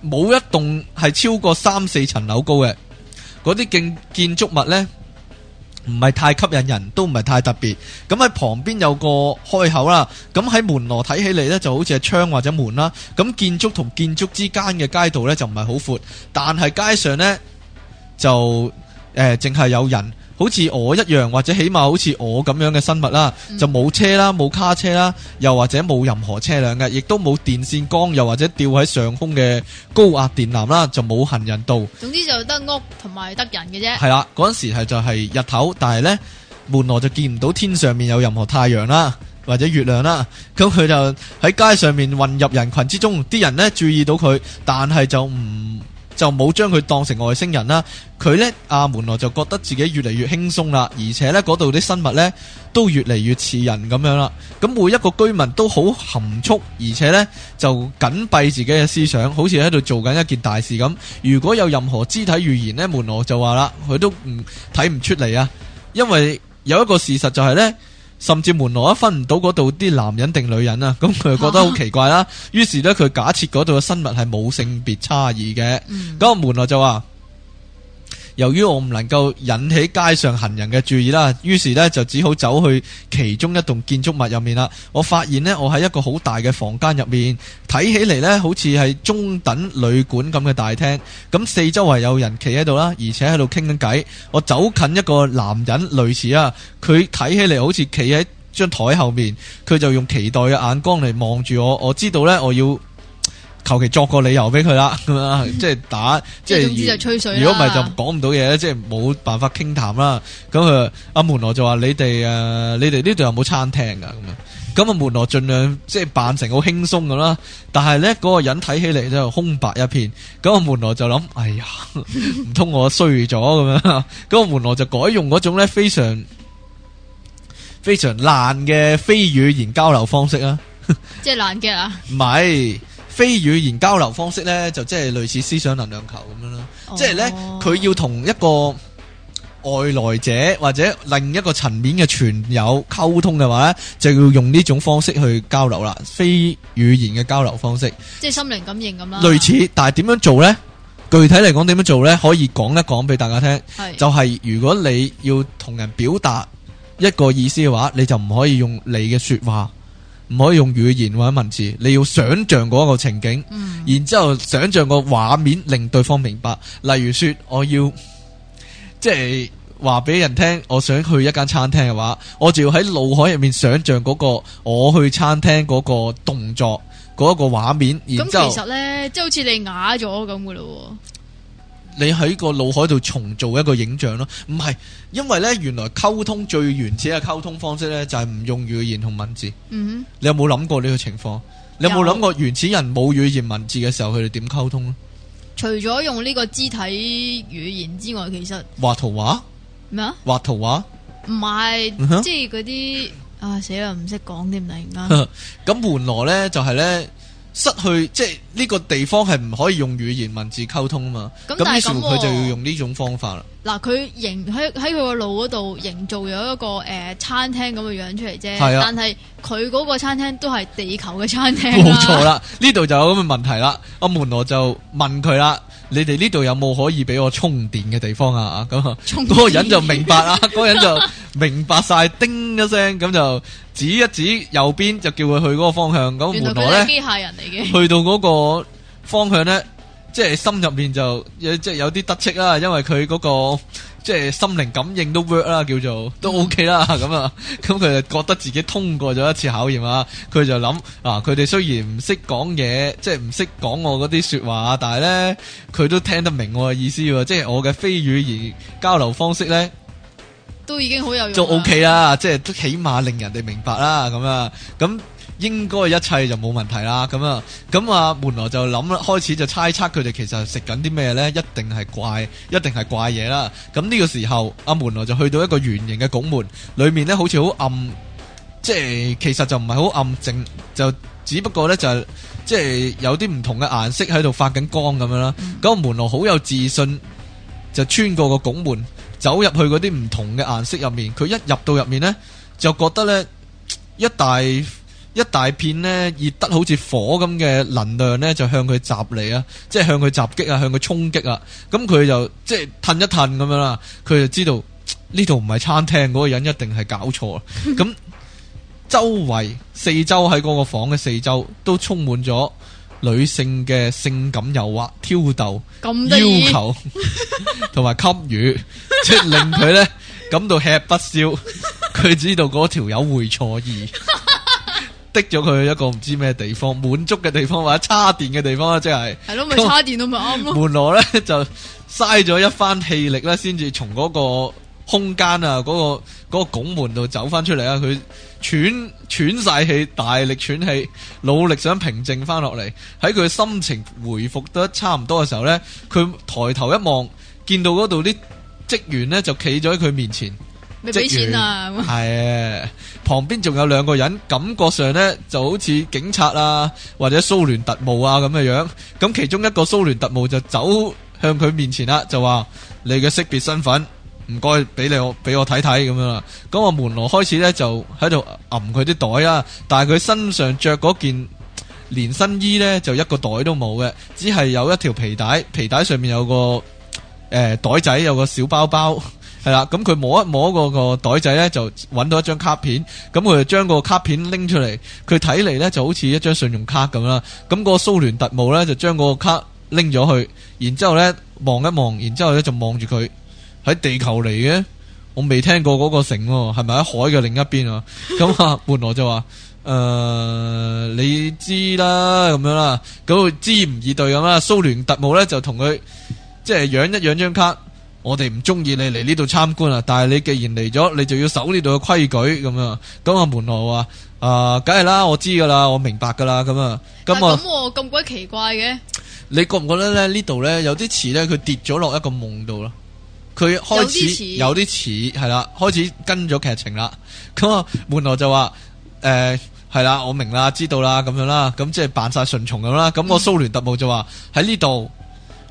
冇一棟係超過三四層樓高嘅。嗰啲建建築物呢，唔係太吸引人，都唔係太特別。咁喺旁邊有個開口啦，咁喺門羅睇起嚟呢，就好似係窗或者門啦。咁建築同建築之間嘅街道呢，就唔係好闊，但係街上呢。就誒，淨、呃、係有人，好似我一樣，或者起碼好似我咁樣嘅生物啦，嗯、就冇車啦，冇卡車啦，又或者冇任何車輛嘅，亦都冇電線桿，又或者吊喺上空嘅高壓電纜啦，就冇行人道。總之是就得屋同埋得人嘅啫。係啦，嗰陣時係就係日頭，但係呢，門羅就見唔到天上面有任何太陽啦，或者月亮啦。咁佢就喺街上面混入人群之中，啲人呢，注意到佢，但係就唔。就冇將佢當成外星人啦，佢呢阿、啊、門羅就覺得自己越嚟越輕鬆啦，而且呢嗰度啲生物呢都越嚟越似人咁樣啦，咁每一個居民都好含蓄，而且呢就緊閉自己嘅思想，好似喺度做緊一件大事咁。如果有任何肢體語言呢，門羅就話啦，佢都唔睇唔出嚟啊，因為有一個事實就係呢。甚至門羅都分唔到嗰度啲男人定女人啊，咁佢就覺得好奇怪啦。啊、於是咧，佢假設嗰度嘅生物係冇性別差異嘅。咁、嗯、門羅就話。由於我唔能夠引起街上行人嘅注意啦，於是呢，就只好走去其中一棟建築物入面啦。我發現呢，我喺一個好大嘅房間入面，睇起嚟呢，好似係中等旅館咁嘅大廳。咁四周圍有人企喺度啦，而且喺度傾緊偈。我走近一個男人，類似啊，佢睇起嚟好似企喺張台後面，佢就用期待嘅眼光嚟望住我。我知道呢，我要。求其作個理由俾佢啦，咁樣即係打，即係總之就吹水。如果唔係就講唔到嘢，即係冇辦法傾談啦。咁佢阿門羅就話，你哋誒，你哋呢度有冇餐廳噶咁啊？咁啊，門羅盡、啊、量即係扮成好輕鬆㗎啦。但係咧嗰個人睇起嚟就空白一片。咁阿門羅就諗，哎呀，唔通我衰咗咁樣？咁阿 [laughs] 門羅就改用嗰種咧非常非常爛嘅非語言交流方式啊！即係爛嘅啊？唔係。非語言交流方式呢，就即係類似思想能量球咁樣囉。Oh. 即係呢，佢要同一個外來者或者另一個層面嘅傳友溝通嘅話呢，就要用呢種方式去交流啦。非語言嘅交流方式，即係心靈感應咁啦。類似，但係點樣做呢？具體嚟講點樣做呢？可以講一講俾大家聽。是就係如果你要同人表達一個意思嘅話，你就唔可以用你嘅說話。唔可以用語言或者文字，你要想象嗰一個情景，嗯、然之後想象個畫面令對方明白。例如說，我要即係話俾人聽，我想去一間餐廳嘅話，我就要喺腦海入面想象嗰、嗰個我去餐廳嗰個動作，嗰一個畫面。咁、嗯、其實呢，即係好似你啞咗咁噶咯。你喺個腦海度重做一個影像咯，唔係，因為呢，原來溝通最原始嘅溝通方式呢，就係唔用語言同文字。嗯哼，你有冇諗過呢個情況？你有冇諗過原始人冇語言文字嘅時候，佢哋點溝通咧？除咗用呢個肢體語言之外，其實畫圖畫咩啊？畫圖畫唔係，即係嗰啲啊，死啦唔識講添啦。咁原來呢，就係呢。失去即係呢個地方係唔可以用語言文字溝通啊嘛？咁但係佢、啊、就要用呢種方法啦。嗱，佢形喺喺佢個腦嗰度營造咗一個誒餐廳咁嘅樣出嚟啫。係啊，但係佢嗰個餐廳都係地球嘅餐廳。冇錯啦，呢度就有咁嘅問題啦。阿、啊、門羅就問佢啦：你哋呢度有冇可以俾我充電嘅地方啊？咁、啊、嗰、啊、電 [laughs] 個人就明白啦，嗰個 [laughs] [laughs] 人就明白晒，叮一聲咁就。指一指右邊就叫佢去嗰個方向，咁原來咧，去到嗰個方向呢，即係心入面就即係有啲得戚啦，因為佢嗰個即係心靈感應都 work 啦，叫做都 OK 啦，咁啊、嗯，咁佢就覺得自己通過咗一次考驗啊，佢就諗啊，佢哋雖然唔識講嘢，即係唔識講我嗰啲説話，但係呢，佢都聽得明我嘅意思喎，即係我嘅非語言交流方式呢。」都已經好有用，就 OK 啦，即係都起碼令人哋明白啦，咁啊，咁應該一切就冇問題啦，咁啊，咁啊，門羅就諗啦，開始就猜測佢哋其實食緊啲咩呢？一定係怪，一定係怪嘢啦，咁呢個時候，阿、啊、門羅就去到一個圓形嘅拱門，裏面呢好似好暗，即係其實就唔係好暗靜，就只不過呢，就係、是、即係有啲唔同嘅顏色喺度發緊光咁樣啦，咁、嗯、門羅好有自信就穿過個拱門。走入去嗰啲唔同嘅顏色入面，佢一入到入面呢，就覺得呢一大一大片呢熱得好似火咁嘅能量呢，就向佢襲嚟啊，即係向佢襲擊啊，向佢衝擊啊，咁佢就即係褪一褪咁樣啦，佢就知道呢度唔係餐廳，嗰、嗰個人一定係搞錯啦。咁 [laughs] 周圍四周喺嗰個房嘅四周都充滿咗。女性嘅性感誘惑、挑逗、要求，同埋給予，即係 [laughs] 令佢咧感到吃不消。佢 [laughs] 知道嗰條友會錯意，滴咗佢去一個唔知咩地方，滿足嘅地方或者叉電嘅地方啦，即係。係咯，咪叉電都咪啱咯。門羅咧就嘥咗一番氣力咧，先至從嗰個空間啊，嗰、嗰個、嗰個拱門度走翻出嚟啊，佢。喘喘晒氣，大力喘氣，努力想平靜翻落嚟。喺佢心情回復得差唔多嘅時候，呢佢抬頭一望，見到嗰度啲職員呢就企咗喺佢面前。你俾錢啊！係職員， [laughs] 旁邊仲有兩個人，感覺上呢就好似警察啊，或者蘇聯特務啊咁嘅樣，樣。咁其中一個蘇聯特務就走向佢面前啦，就話：你嘅識別身份。唔該，俾你我俾我睇睇，咁樣啦。咁個門羅開始呢，就喺度揞佢啲袋啊，但係佢身上着嗰件連身衣呢，就一個袋都冇嘅，只係有一條皮帶，皮帶上面有個誒、呃、袋仔，有個小包包係啦。咁 [laughs] 佢摸一摸嗰個袋仔呢，就揾到一張卡片。咁佢就將個卡片拎出嚟，佢睇嚟呢，就好似一張信用卡咁啦。咁個蘇聯特務呢，就將個卡拎咗去，然之後呢望一望，然之後呢就望住佢。喺地球嚟嘅，我未聽過嗰個城，啊，係咪喺海嘅另一邊啊？咁啊， [laughs] [laughs] 門羅就話：誒，你知啦，咁樣啦，咁佢知唔易對咁啦。蘇聯特務咧就同佢即係養一養張卡，我哋唔中意你嚟呢度參觀啊，但係你既然嚟咗，你就要守呢度嘅規矩咁啊。咁啊，門羅話：啊，梗係啦，我知噶啦，我明白噶啦。咁啊，咁啊，咁咁鬼奇怪嘅，你覺唔覺得咧？呢度咧有啲詞咧，佢跌咗落一個夢度咯。佢開始有啲似係啦，開始跟咗劇情啦。咁啊，門羅就話，誒係啦，我明啦，知道啦咁樣啦。咁即係扮晒順從咁啦。咁個、那個、蘇聯特務就話喺呢度，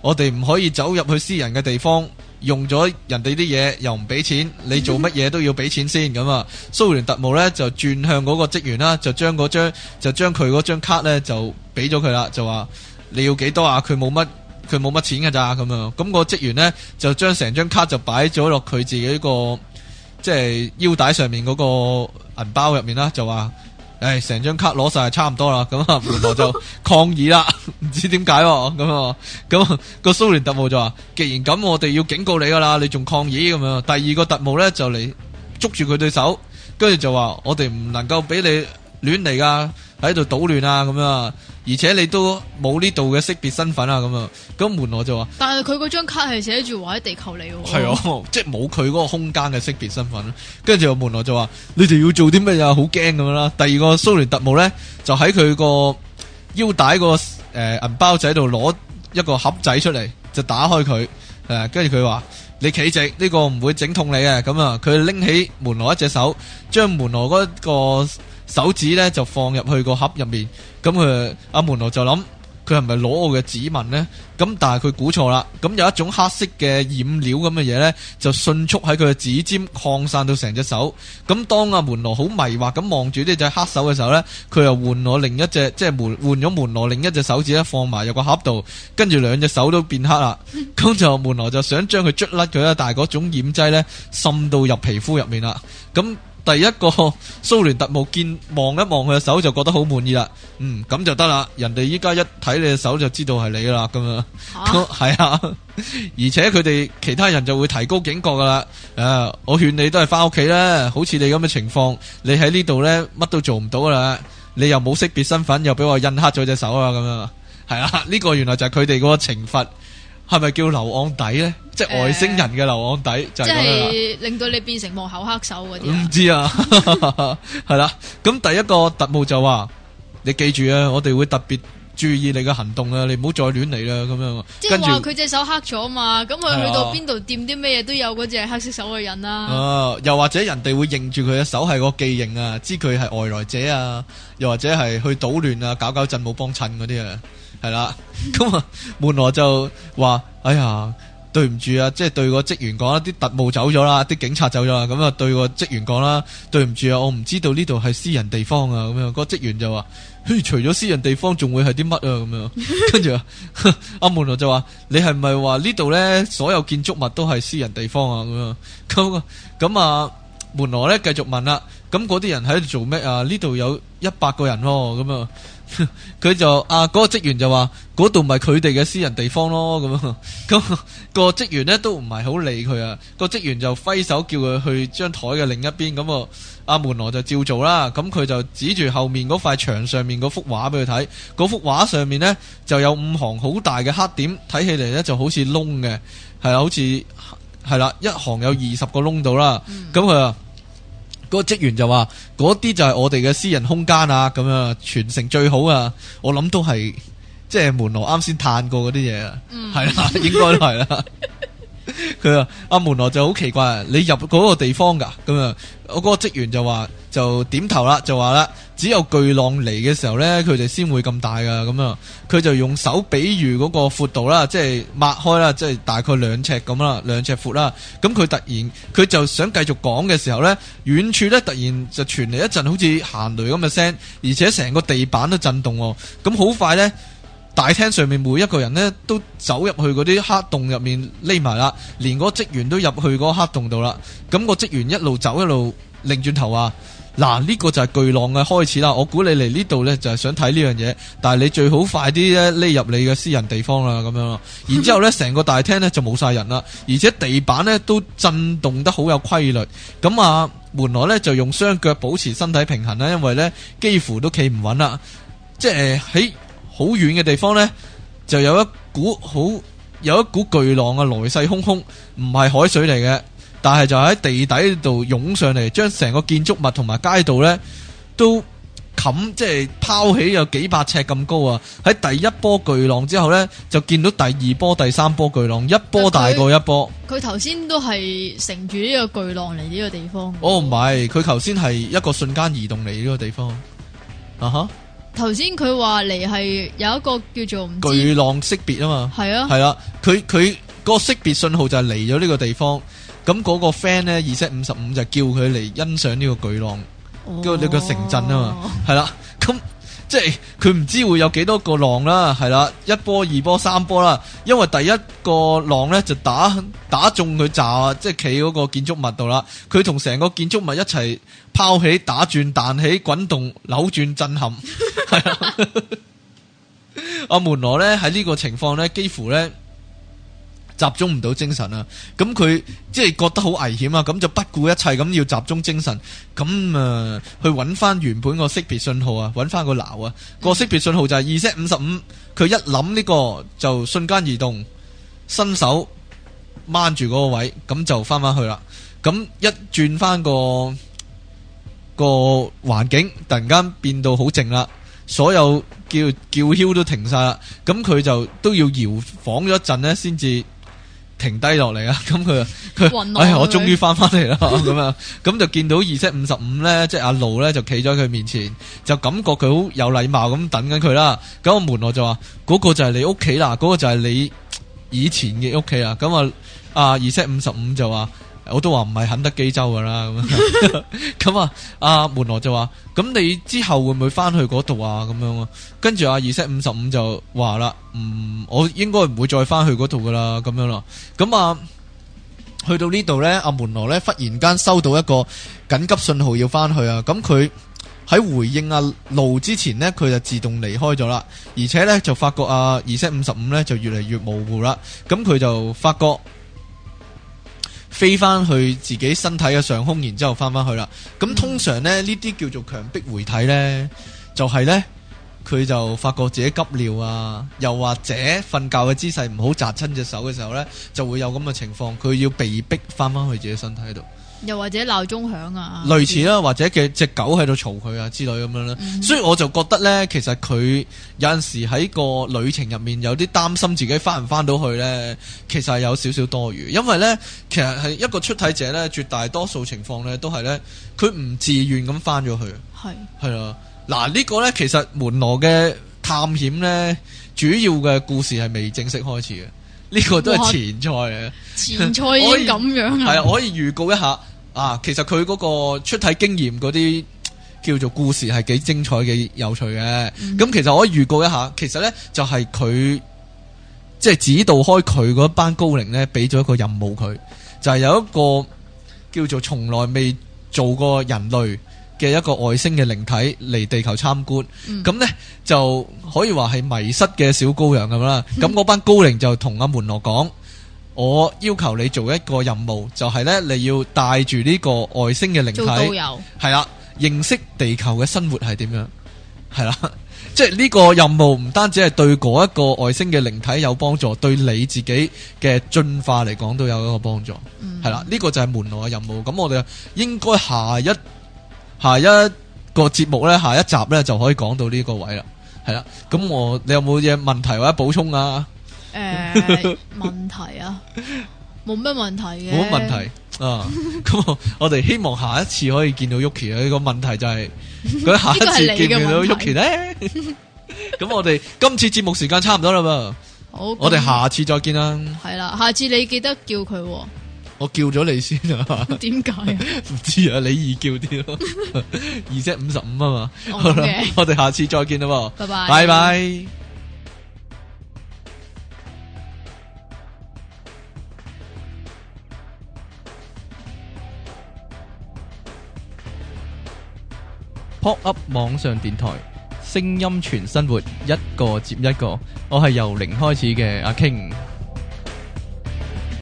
我哋唔可以走入去私人嘅地方，用咗人哋啲嘢又唔俾錢，你做乜嘢都要俾錢先咁啊。蘇聯特務呢就轉向嗰個職員啦，就將嗰張就將佢嗰張卡呢就俾咗佢啦，就話你要幾多啊？佢冇乜。佢冇乜錢嘅咋咁樣，咁、那個職員呢就將成張卡就擺咗落佢自己一、這個即係、就是、腰帶上面嗰個銀包入面啦，就話，誒、哎，成張卡攞晒，差唔多啦。咁阿門羅就抗議啦，唔 [laughs] 知點解咁啊？咁、那個蘇聯特務就話，既然咁，我哋要警告你噶啦，你仲抗議咁樣？第二個特務呢，就嚟捉住佢對手，跟住就話：我哋唔能夠俾你亂嚟噶，喺度搗亂啊！咁、啊、樣。而且你都冇呢度嘅識別身份啊，咁啊，咁門羅就話，但係佢嗰張卡係寫住話喺地球嚟，係啊，即係冇佢嗰個空間嘅識別身份。跟住又門羅就話，你哋要做啲咩啊？好驚咁樣啦。第二個蘇聯特務呢，就喺佢個腰帶個誒銀包仔度攞一個盒仔出嚟，就打開佢誒，跟住佢話你企直，呢個唔會整痛你嘅。咁啊，佢拎起門羅一隻手，將門羅嗰個。手指咧，就放入去個盒入面。咁佢阿門羅就諗，佢係咪攞我嘅指紋呢？咁但係佢估錯啦，咁有一種黑色嘅染料咁嘅嘢呢，就迅速喺佢嘅指尖擴散到成隻手。咁當阿、啊、門羅好迷惑咁望住呢隻黑手嘅時候呢，佢又換我另一隻，即係門換咗門羅另一隻手指咧，放埋入個盒度，跟住兩隻手都變黑啦。咁 [laughs] 就、啊、門羅就想將佢捽甩佢啦，但係嗰種染劑呢，滲到入皮膚入面啦，咁。第一個蘇聯特務見望一望佢嘅手就覺得好滿意啦，嗯，咁就得啦。人哋依家一睇你嘅手就知道係你啦，咁樣係啊，而且佢哋其他人就會提高警覺噶啦。誒、啊，我勸你都係翻屋企啦。好似你咁嘅情況，你喺呢度呢，乜都做唔到噶啦。你又冇識別身份，又俾我印黑咗隻手啊，咁樣係啊。呢個原來就係佢哋嗰個懲罰。係咪叫流盎底咧？即係外星人嘅流盎底、呃、就係即係令到你變成幕後黑手嗰啲。唔、嗯、知啊，係啦。 [laughs] [laughs] 咁第一個特務就話、是：你記住啊，我哋會特別。注意你嘅行動啊！你唔好再亂嚟啦，咁樣。即係話佢隻手黑咗嘛？咁佢、啊、去到邊度掂啲咩嘢都有嗰隻黑色手嘅人啦、啊。啊！又或者人哋會認住佢嘅手係個記認啊，知佢係外來者啊。又或者係去搗亂啊，搞搞震冇幫襯嗰啲啊，係啦。咁啊，門羅 [laughs] 就話：哎呀，對唔住啊！即、就、係、是、對個職員講，啲特務走咗啦，啲警察走咗啦。咁啊，對個職員講啦，對唔住啊，我唔知道呢度係私人地方啊。咁樣，個職員就話。除咗私人地方，仲會係啲乜啊？咁樣，跟住阿門羅就話：你係咪話呢度呢，所有建築物都係私人地方啊？咁啊，咁啊，門羅呢繼續問啦。咁嗰啲人喺度做咩啊？呢度有一百個人喎，咁啊。佢 [laughs] 就啊，嗰、那個職員就話：嗰度咪佢哋嘅私人地方咯。咁樣，咁、那個職員呢都唔係好理佢、那個那個、啊。個職員就揮手叫佢去張台嘅另一邊。咁啊，阿門羅就照做啦。咁佢就指住後面嗰塊牆上面嗰幅畫俾佢睇。嗰幅畫上面呢就有五行好大嘅黑點，睇起嚟呢就好似窿嘅，係啊，好似係啦，一行有二十個窿度啦。咁佢、嗯。啊。嗰個職員就話：嗰啲就係我哋嘅私人空間啊，咁樣全城最好啊！我諗都係，即係門羅啱先嘆過嗰啲嘢啊，係啦、嗯，應該都係啦。 [laughs] 佢話，阿門羅就好奇怪，你入嗰個地方噶，咁啊，我嗰個職員就話就點頭啦，就話啦，只有巨浪嚟嘅時候呢，佢哋先會咁大噶。咁啊，佢就用手比喻嗰個闊度啦，即係擘開啦，即係大概兩尺咁啦，兩尺闊啦，咁佢突然佢就想繼續講嘅時候呢，遠處呢，突然就傳嚟一陣好似行雷咁嘅聲，而且成個地板都震動喎，咁好快呢。大廳上面每一個人呢都走入去嗰啲黑洞入面匿埋啦，連嗰職員都入去嗰黑洞度啦。咁個職員一路走一路擰轉頭啊。嗱，呢個就係巨浪嘅開始啦。我估你嚟呢度呢，就係想睇呢樣嘢，但係你最好快啲咧匿入你嘅私人地方啦，咁樣咯。然之後咧，成個大廳呢就冇晒人啦，而且地板呢都震動得好有規律。咁啊，門羅呢就用雙腳保持身體平衡啦，因為呢幾乎都企唔穩啦。即係喺。呃好遠嘅地方呢，就有一股好，有一股巨浪啊！來勢洶洶，唔係海水嚟嘅，但係就喺地底度湧上嚟，將成個建築物同埋街道呢都冚，即係拋起有幾百尺咁高啊！喺第一波巨浪之後呢，就見到第二波、第三波巨浪，一波大過一波。佢頭先都係乘住呢個巨浪嚟呢個地方。哦，唔係，佢頭先係一個瞬間移動嚟呢個地方。啊哈！頭先佢話嚟係有一個叫做巨浪識別啊嘛，係啊，係啦，佢佢個識別信號就係嚟咗呢個地方，咁嗰個 friend 咧二七五十五就叫佢嚟欣賞呢個巨浪，叫佢個城鎮啊嘛，係啦。即係佢唔知會有幾多個浪啦，係啦，一波二波三波啦。因為第一個浪呢，就打打中佢炸，即係企嗰個建築物度啦。佢同成個建築物一齊拋起、打轉、彈起、滾動、扭轉、震撼，係 [laughs] [laughs] 啊。阿門羅呢，喺呢個情況呢，幾乎呢。集中唔到精神啊！咁佢即係覺得好危險啊！咁就不顧一切咁要集中精神，咁啊、呃、去揾翻原本個識別信號啊，揾翻個鬧啊！個識別信號就係二 set 五十五，佢一諗呢個就瞬間移動，伸手掹住嗰個位，咁就翻返去啦。咁一轉翻個個環境，突然間變到好靜啦，所有叫叫囂都停晒啦。咁佢就都要搖晃咗一陣呢先至。停低落嚟啊！咁佢佢，哎呀，你們 我終於翻翻嚟啦！咁啊， [laughs] 咁就見到二色五十五咧，即係阿盧咧就企咗喺佢面前，就感覺佢好有禮貌咁等緊佢啦。咁我門我就話：嗰個就係你屋企啦，嗰個就係你以前嘅屋企啊！咁啊，啊二色五十五就話。我都話唔係肯德基州噶啦，咁 [laughs] [laughs] 啊，阿門羅就話：咁你之後會唔會翻去嗰度啊？咁樣啊？跟住阿二色五十五就話啦，唔、嗯，我應該唔會再翻去嗰度噶啦，咁樣啦。咁啊，去到呢度呢，阿、啊、門羅呢忽然間收到一個緊急信號要翻去啊，咁佢喺回應阿路之前呢，佢就自動離開咗啦，而且呢，就發覺阿二色五十五呢就越嚟越模糊啦，咁佢就發覺。飛翻去自己身體嘅上空，然之後翻翻去啦。咁通常咧，呢啲叫做強迫回體呢就係、是、呢，佢就發覺自己急尿啊，又或者瞓覺嘅姿勢唔好，扎親隻手嘅時候呢，就會有咁嘅情況，佢要被逼翻翻去自己身體度。又或者鬧鐘響啊，類似啦，或者嘅隻狗喺度嘈佢啊之類咁樣啦。嗯、哼所以我就覺得呢，其實佢有陣時喺個旅程入面有啲擔心自己翻唔翻到去呢，其實係有少少多餘，因為呢，其實係一個出體者呢，絕大多數情況呢都係呢，佢唔自願咁翻咗去，係係啊，嗱呢、呢個呢，其實門羅嘅探險呢，主要嘅故事係未正式開始嘅。呢個都係前菜嘅，哇可以前菜已經咁樣啦。係啊，可以預告一下啊，其實佢嗰個出體經驗嗰啲叫做故事係幾精彩嘅，幾有趣嘅。咁、嗯、其實我可以預告一下，其實呢就係佢即係指導開佢嗰班高靈咧，俾咗一個任務佢，就係、是、有一個叫做從來未做過人類嘅一個外星嘅靈體嚟地球參觀，咁、嗯、呢就可以話係迷失嘅小羔羊咁啦。咁嗰、嗯、班高靈就同阿門羅講：我要求你做一個任務，就係、是、呢，你要帶住呢個外星嘅靈體，係啦、啊，認識地球嘅生活係點樣，係啦、啊。即係呢個任務唔單止係對嗰一個外星嘅靈體有幫助，對你自己嘅進化嚟講都有一個幫助。係啦、嗯、呢、啊這個就係門羅嘅任務。咁我哋應該下一。下一個節目咧，下一集咧就可以講到呢個位啦，係啦。咁我你有冇嘢問題或者補充啊？誒、呃，問題啊，冇咩問題嘅。冇問題啊。咁 [laughs] [laughs] 我我哋希望下一次可以見到 Yuki 啊。呢個問題就係、是、佢下一次 [laughs] 見唔到 Yuki 咧。咁我哋今次節目時間差唔多啦噃。 [laughs] 好，我哋下次再見啦。係啦、嗯，下次你記得叫佢喎。我叫咗你先啊！點解啊？唔知啊，你易叫啲咯，二即五十五啊嘛。Okay. 好嘅，我哋下次再見啦，拜拜，拜拜。Pop up 網上電台，聲音全生活，一個接一個。我係由零開始嘅阿 King。